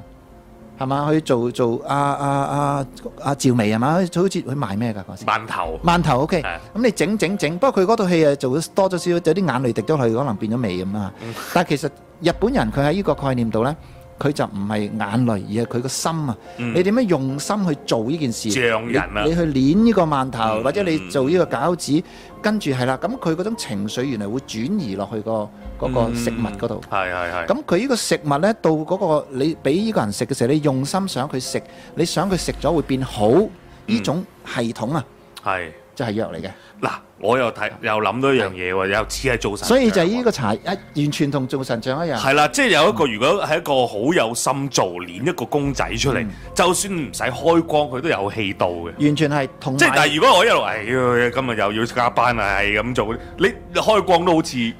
係嘛？去做做阿阿阿阿趙薇係嘛？好似佢似去賣咩㗎嗰時？饅頭。饅頭 OK。咁、yeah. 你整整整，不過佢嗰套戲啊做咗多咗少少，有啲眼淚滴咗去，可能變咗味咁啊。Mm. 但係其實日本人佢喺呢個概念度咧。佢就唔係眼淚，而係佢個心啊、嗯！你點樣用心去做呢件事？啊、你、你去捏呢個饅頭、嗯，或者你做呢個餃子，跟住係啦，咁佢嗰種情緒原來會轉移落去嗰個食物嗰度。係咁佢呢個食物呢，到嗰、嗰個你俾呢個人食嘅時候，你用心想佢食，你想佢食咗會變好，呢、嗯、種系統啊。就係藥嚟嘅嗱，我又睇又諗到一樣嘢喎，又似係做神，所以就係呢個柴，我啊、完全同做神像一樣。係啦，即係有一個，嗯、如果係一個好有心做，捏一個公仔出嚟，嗯、就算唔使開光，佢都有氣度嘅。完全係同即係，但係如果我一路哎今日又要加班啊，係、哎、咁做，你開光都好似。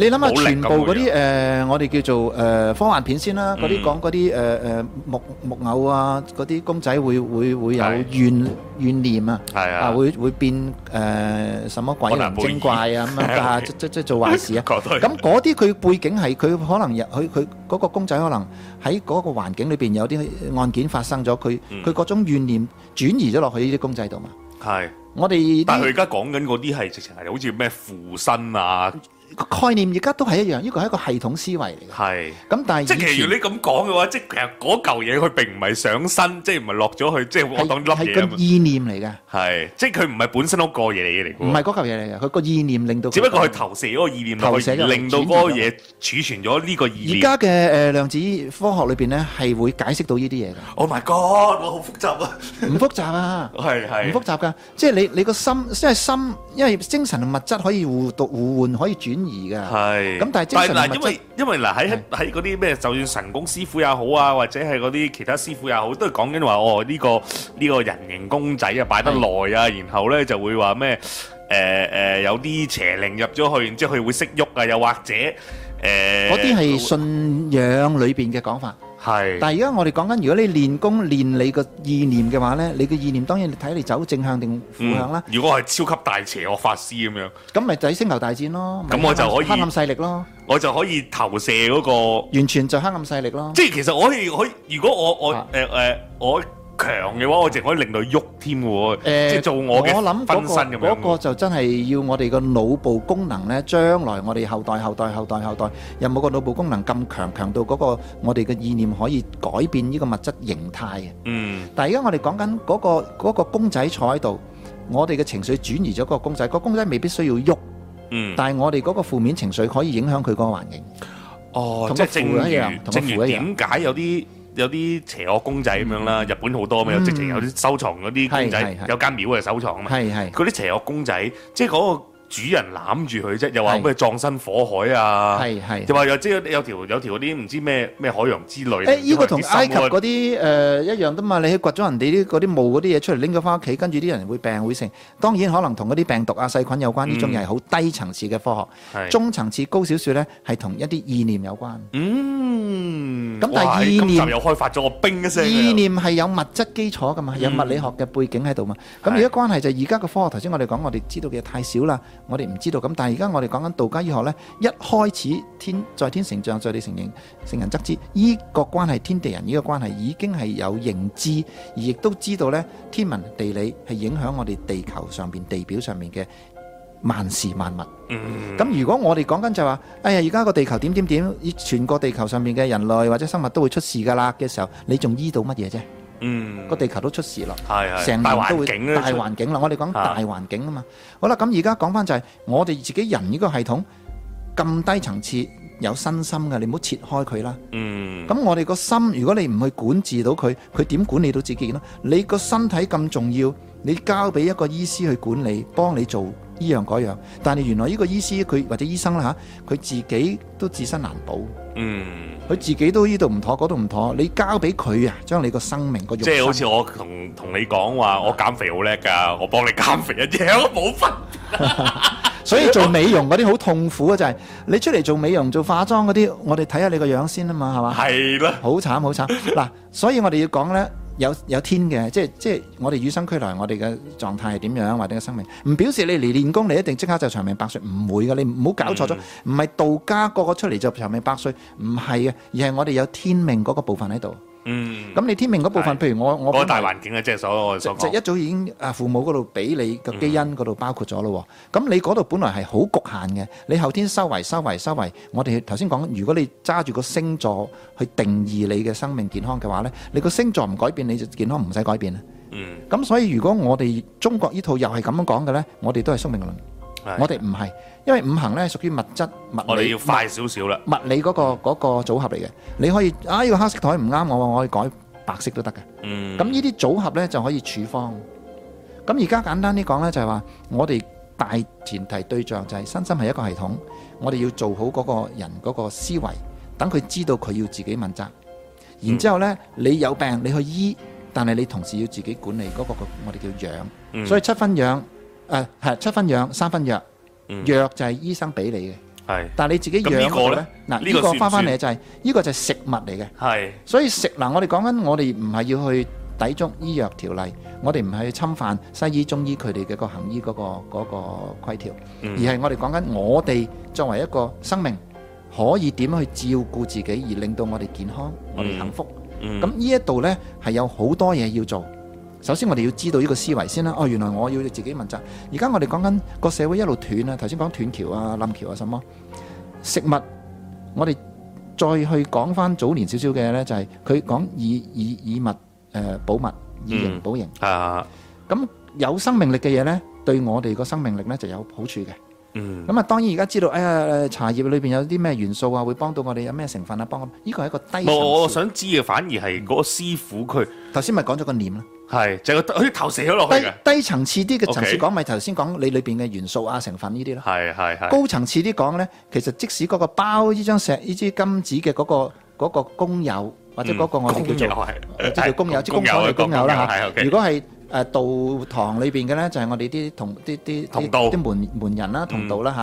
你諗下，全部嗰啲誒，我哋叫做誒科幻片先啦，嗰啲講嗰啲誒誒木木偶啊，嗰啲公仔會會會有怨怨念啊，啊會會變誒什麼鬼靈精怪啊咁樣啊，即即係做壞事啊。咁嗰啲佢背景係佢可能入佢佢嗰個公仔可能喺嗰個環境裏邊有啲案件發生咗，佢佢各種怨念轉移咗落去呢啲公仔度嘛。係，我哋但係佢而家講緊嗰啲係直情係好似咩附身啊？個概念而家都係一樣，呢個係一個系統思維嚟嘅。係，咁但係即係如果你咁講嘅話，即係其實嗰嚿嘢佢並唔係上身，即係唔係落咗去，即係我當粒嘢咁。係個意念嚟嘅。係，即係佢唔係本身嗰個嘢嚟嘅。唔係嗰嚿嘢嚟嘅，佢個意念令到。只不過係投射嗰個意念，可以令到個嘢儲存咗呢個意念。而家嘅誒量子科學裏邊咧，係會解釋到呢啲嘢㗎。Oh my god！我好複雜啊，唔複雜啊，係係唔複雜㗎。即係你你個心，即係心，因為精神同物質可以互讀互換，可以轉。易噶，係咁但係，但嗱，因為因為嗱，喺喺嗰啲咩，就算神功師傅也好啊，或者係嗰啲其他師傅也好，都係講緊話哦，呢個呢個人形公仔啊，擺得耐啊，然後咧就會話咩誒誒，有啲邪靈入咗去，然之後佢會識喐啊，又或者誒，嗰啲係信仰裏邊嘅講法。係，但係而家我哋講緊，如果你練功練你個意念嘅話咧，你嘅意念當然睇你，你走正向定負向啦，嗯。如果係超級大邪惡法師咁樣，咁咪就係星球大戰咯。咁我就可以黑暗勢力咯，我就可以投射嗰、嗰個，完全就黑暗勢力咯。即係其實我可以，如果我我誒誒我。我呃呃我強嘅話，我淨可以令到佢喐添嘅喎，即係做我嘅分身咁樣。嗰個就真係要我哋個腦部功能呢，將來我哋後代、後代、後代、後代有冇個腦部功能咁強，強到嗰個我哋嘅意念可以改變呢個物質形態嘅。嗯。但係而家我哋講緊嗰個嗰個公仔坐喺度，我哋嘅情緒轉移咗個公仔，個公仔未必需要喐。嗯。但係我哋嗰個負面情緒可以影響佢嗰個環境。哦，即係正如正如點解有啲有啲邪惡公仔咁樣啦，日本好多啊嘛，有直情有啲收藏嗰啲公仔，有間廟係收藏啊嘛，嗰啲邪惡公仔，即係嗰個。主人攬住佢啫，又話咩葬身火海啊？係係，又話又即有條有條嗰啲唔知咩咩海洋之類。誒、欸，呢、這個同埃及嗰啲誒一樣啫嘛、呃！你去掘咗人哋啲嗰啲墓嗰啲嘢出嚟拎咗返屋企，跟住啲人會病會成。當然可能同嗰啲病毒啊細菌有關。呢、嗯、種係好低層次嘅科學，中層次高少少咧係同一啲意念有關。嗯，咁但係意念有開發咗個冰聲。意念係有物質基礎噶嘛？嗯、有物理學嘅背景喺度嘛？咁而家關係就係而家個科學。頭先我哋講，我哋知道嘅嘢太少啦。我哋唔知道咁，但係而家我哋講緊道家醫學呢，一開始天在天成象，在地成形，成人則知呢個關係，天地人呢個關係已經係有認知，而亦都知道呢天文地理係影響我哋地球上邊地表上面嘅萬事萬物。咁、嗯、如果我哋講緊就話、是，哎呀，而家個地球點點點，全個地球上面嘅人類或者生物都會出事噶啦嘅時候，你仲醫到乜嘢啫？嗯，個地球都出事啦，係係，成大環境咧，大環境啦，我哋講大環境啊嘛。好啦，咁而家講翻就係我哋自己人呢個系統咁低層次有身心嘅，你唔好切開佢啦。嗯，咁我哋個心，如果你唔去管治到佢，佢點管理到自己咧？你個身體咁重要，你交俾一個醫師去管理，幫你做。依樣嗰樣，但係原來呢個醫師佢或者醫生啦嚇，佢、啊、自己都自身難保。嗯，佢自己都依度唔妥，嗰度唔妥。你交俾佢啊，將你個生命個肉身即係好似我同同你講話，啊、我減肥好叻㗎，我幫你減肥一啲，都冇分。 [laughs] 所以做美容嗰啲好痛苦啊，就係，就係你出嚟做美容做化妝嗰啲，我哋睇下你個樣先啊嘛，係嘛？係咯，好慘好慘嗱。所以我哋要講咧。有有天嘅，即係即係我哋與生俱來，我哋嘅狀態係點樣，或者個生命，唔表示你嚟練功，你一定即刻就長命百歲，唔會噶，你唔好搞錯咗，嗯，唔係道家個個出嚟就長命百歲，唔係啊，而係我哋有天命嗰個部分喺度。嗯，咁你天命嗰部分，譬如我我唔，嗰個大環境啊，即係所所講，即係一早已經啊，父母嗰度俾你嘅基因嗰度包括咗咯。咁你嗰度本來係好局限嘅，你後天收圍收圍收圍。我哋頭先講，如果你揸住個星座去定義你嘅生命健康嘅話咧，你個星座唔改變，你就健康唔使改變啊。嗯，咁所以如果我哋中國呢套又係咁樣講嘅咧，我哋都係宿命論，我哋唔係。因為五行咧屬於物質物理，我哋要快少少啦。物理嗰個嗰個組合嚟嘅，你可以啊呢個黑色台唔啱我，我可以改白色都得嘅。嗯，咁呢啲組合咧就可以處方。咁而家簡單啲講咧就係話，我哋大前提對象就係身心係一個系統，我哋要做好嗰個人嗰個思維，等佢知道佢要自己問責。然之後咧，你有病你去醫，但係你同時要自己管理嗰個個我哋叫養，所以七分養誒係七分養三分藥。藥就係醫生俾你嘅，但係你自己養嘅咧。嗱，呢個翻翻嚟就係呢個就係食物嚟嘅。係，所以食嗱，我哋講緊我哋唔係要去抵觸醫藥條例，我哋唔係去侵犯西醫中醫佢哋嘅個行醫嗰個嗰個規條，而係我哋講緊我哋作為一個生命可以點樣去照顧自己，而令到我哋健康，我哋幸福。咁呢一度咧係有好多嘢要做。首先，我哋要知道呢個思維先啦。哦，原來我要你自己問責。而家我哋講緊個社會一路斷啊。頭先講斷橋啊、冧橋啊，什麼食物？我哋再去講返早年少少嘅嘢咧，就係佢講以以，以物誒補、呃、物，以形補形、嗯、啊。咁有生命力嘅嘢咧，對我哋個生命力咧就有好處嘅。嗯。咁啊，當然而家知道，哎呀，茶葉裏邊有啲咩元素啊，會幫到我哋有咩成分啊？幫呢個係一個低。冇，我想知嘅反而係嗰師傅佢頭先咪講咗個念啦。係，就個佢頭射咗落去嘅。低低層次啲嘅層次講，咪頭先講你裏邊嘅元素啊、成分呢啲咯。係係係。高層次啲講咧，其實即使嗰個包呢張石、呢支金紙嘅嗰個嗰個工友，或者嗰個我哋叫做即係工友，即工友嘅工友啦嚇。如果係誒道堂裏邊嘅咧，就係我哋啲同啲啲啲門門人啦、同道啦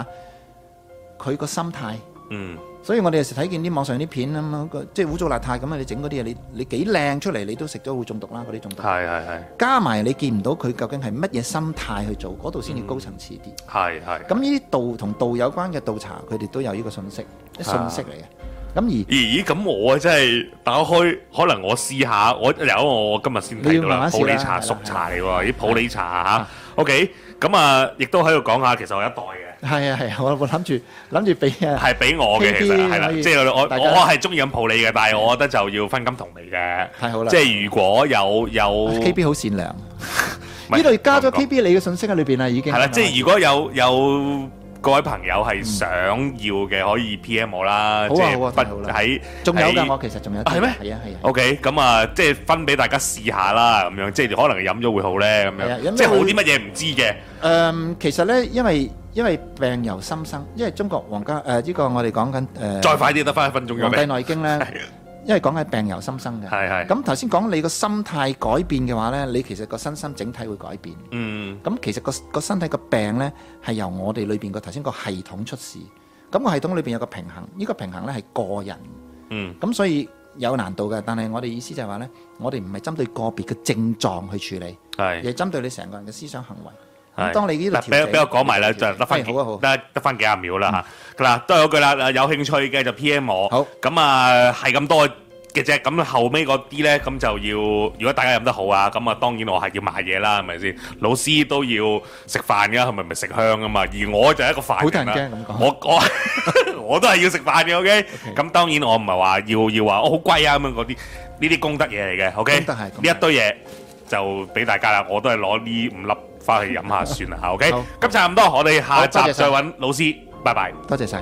嚇。佢個心態，嗯。所以我哋睇見啲網上啲片吖嘛，即係污糟邋遢咁啊！你整嗰啲嘢，你你幾靚出嚟，你，來你都食咗會中毒啦！嗰啲中毒係係係，係係係加埋你見唔到佢究竟係乜嘢心態去做，嗰度先至高層次啲。係、嗯、係。咁呢啲道同道有關嘅道茶，佢哋都有呢個信息，啲、啊、信息嚟嘅。咁而咦？咁、欸、我真係打開，可能我試下，我由我今日先睇到啦。普洱茶熟茶嚟喎，啲普洱茶嚇、啊。OK，咁啊，亦都喺度講下，其實我一代。嘅。係啊係啊，我我諗住諗住俾啊，係、就、俾、是、我嘅其實係啦，即係我我我係中意咁抱你嘅，但係我覺得就要分金同味嘅，係好啦。即、就、係、是、如果有有，K B 好善良，呢 [laughs] 度加咗 K B 你嘅信息喺裏邊啦，已經係啦。即係、啊就是、如果有有各位朋友係想要嘅，可以 P M 我啦，即、嗯、係、就是、不喺仲、啊啊、有噶，我其實仲有係咩？係啊係啊。O K 咁啊，即、okay, 係、啊就是、分俾大家試下啦，咁樣即係、就是、可能飲咗會好咧，咁樣即係、啊就是、好啲乜嘢唔知嘅。嗯、呃，其實咧因為。因為病由心生，因為中國皇家誒呢個我哋講緊誒，再快啲得翻一分鐘咁。《黃帝內經》咧，因為講緊病由心生嘅。係係。咁頭先講你個心態改變嘅話咧，你其實個身心整體會改變。嗯。咁其實個個身體個病咧，係由我哋裏邊個頭先個系統出事。咁個系統裏邊有個平衡，呢個平衡咧係個人。嗯。咁所以有難度嘅，但係我哋意思就係話咧，我哋唔係針對個別嘅症狀去處理，係，而係針對你成個人嘅思想行為。係，當你啲俾俾我講埋啦，就得翻得得翻幾廿秒啦嚇。嗱，都係嗰句啦，有興趣嘅就 PM 我。好，咁啊，係咁多嘅啫。咁後尾嗰啲咧，咁就要，如果大家飲得好啊，咁啊，當然我係要買嘢啦，係咪先？老師都要食飯噶，係咪咪食香啊嘛？而我就一個飯，好驚咁講。我我我都係要食飯嘅，OK。咁當然我唔係話要要話哦好貴啊咁樣嗰啲呢啲功德嘢嚟嘅，OK。功德係呢一堆嘢就俾大家啦，我都係攞呢五粒。返去飲下算啦吓，OK。今集咁多，我哋下集再搵老師，拜拜。多謝晒。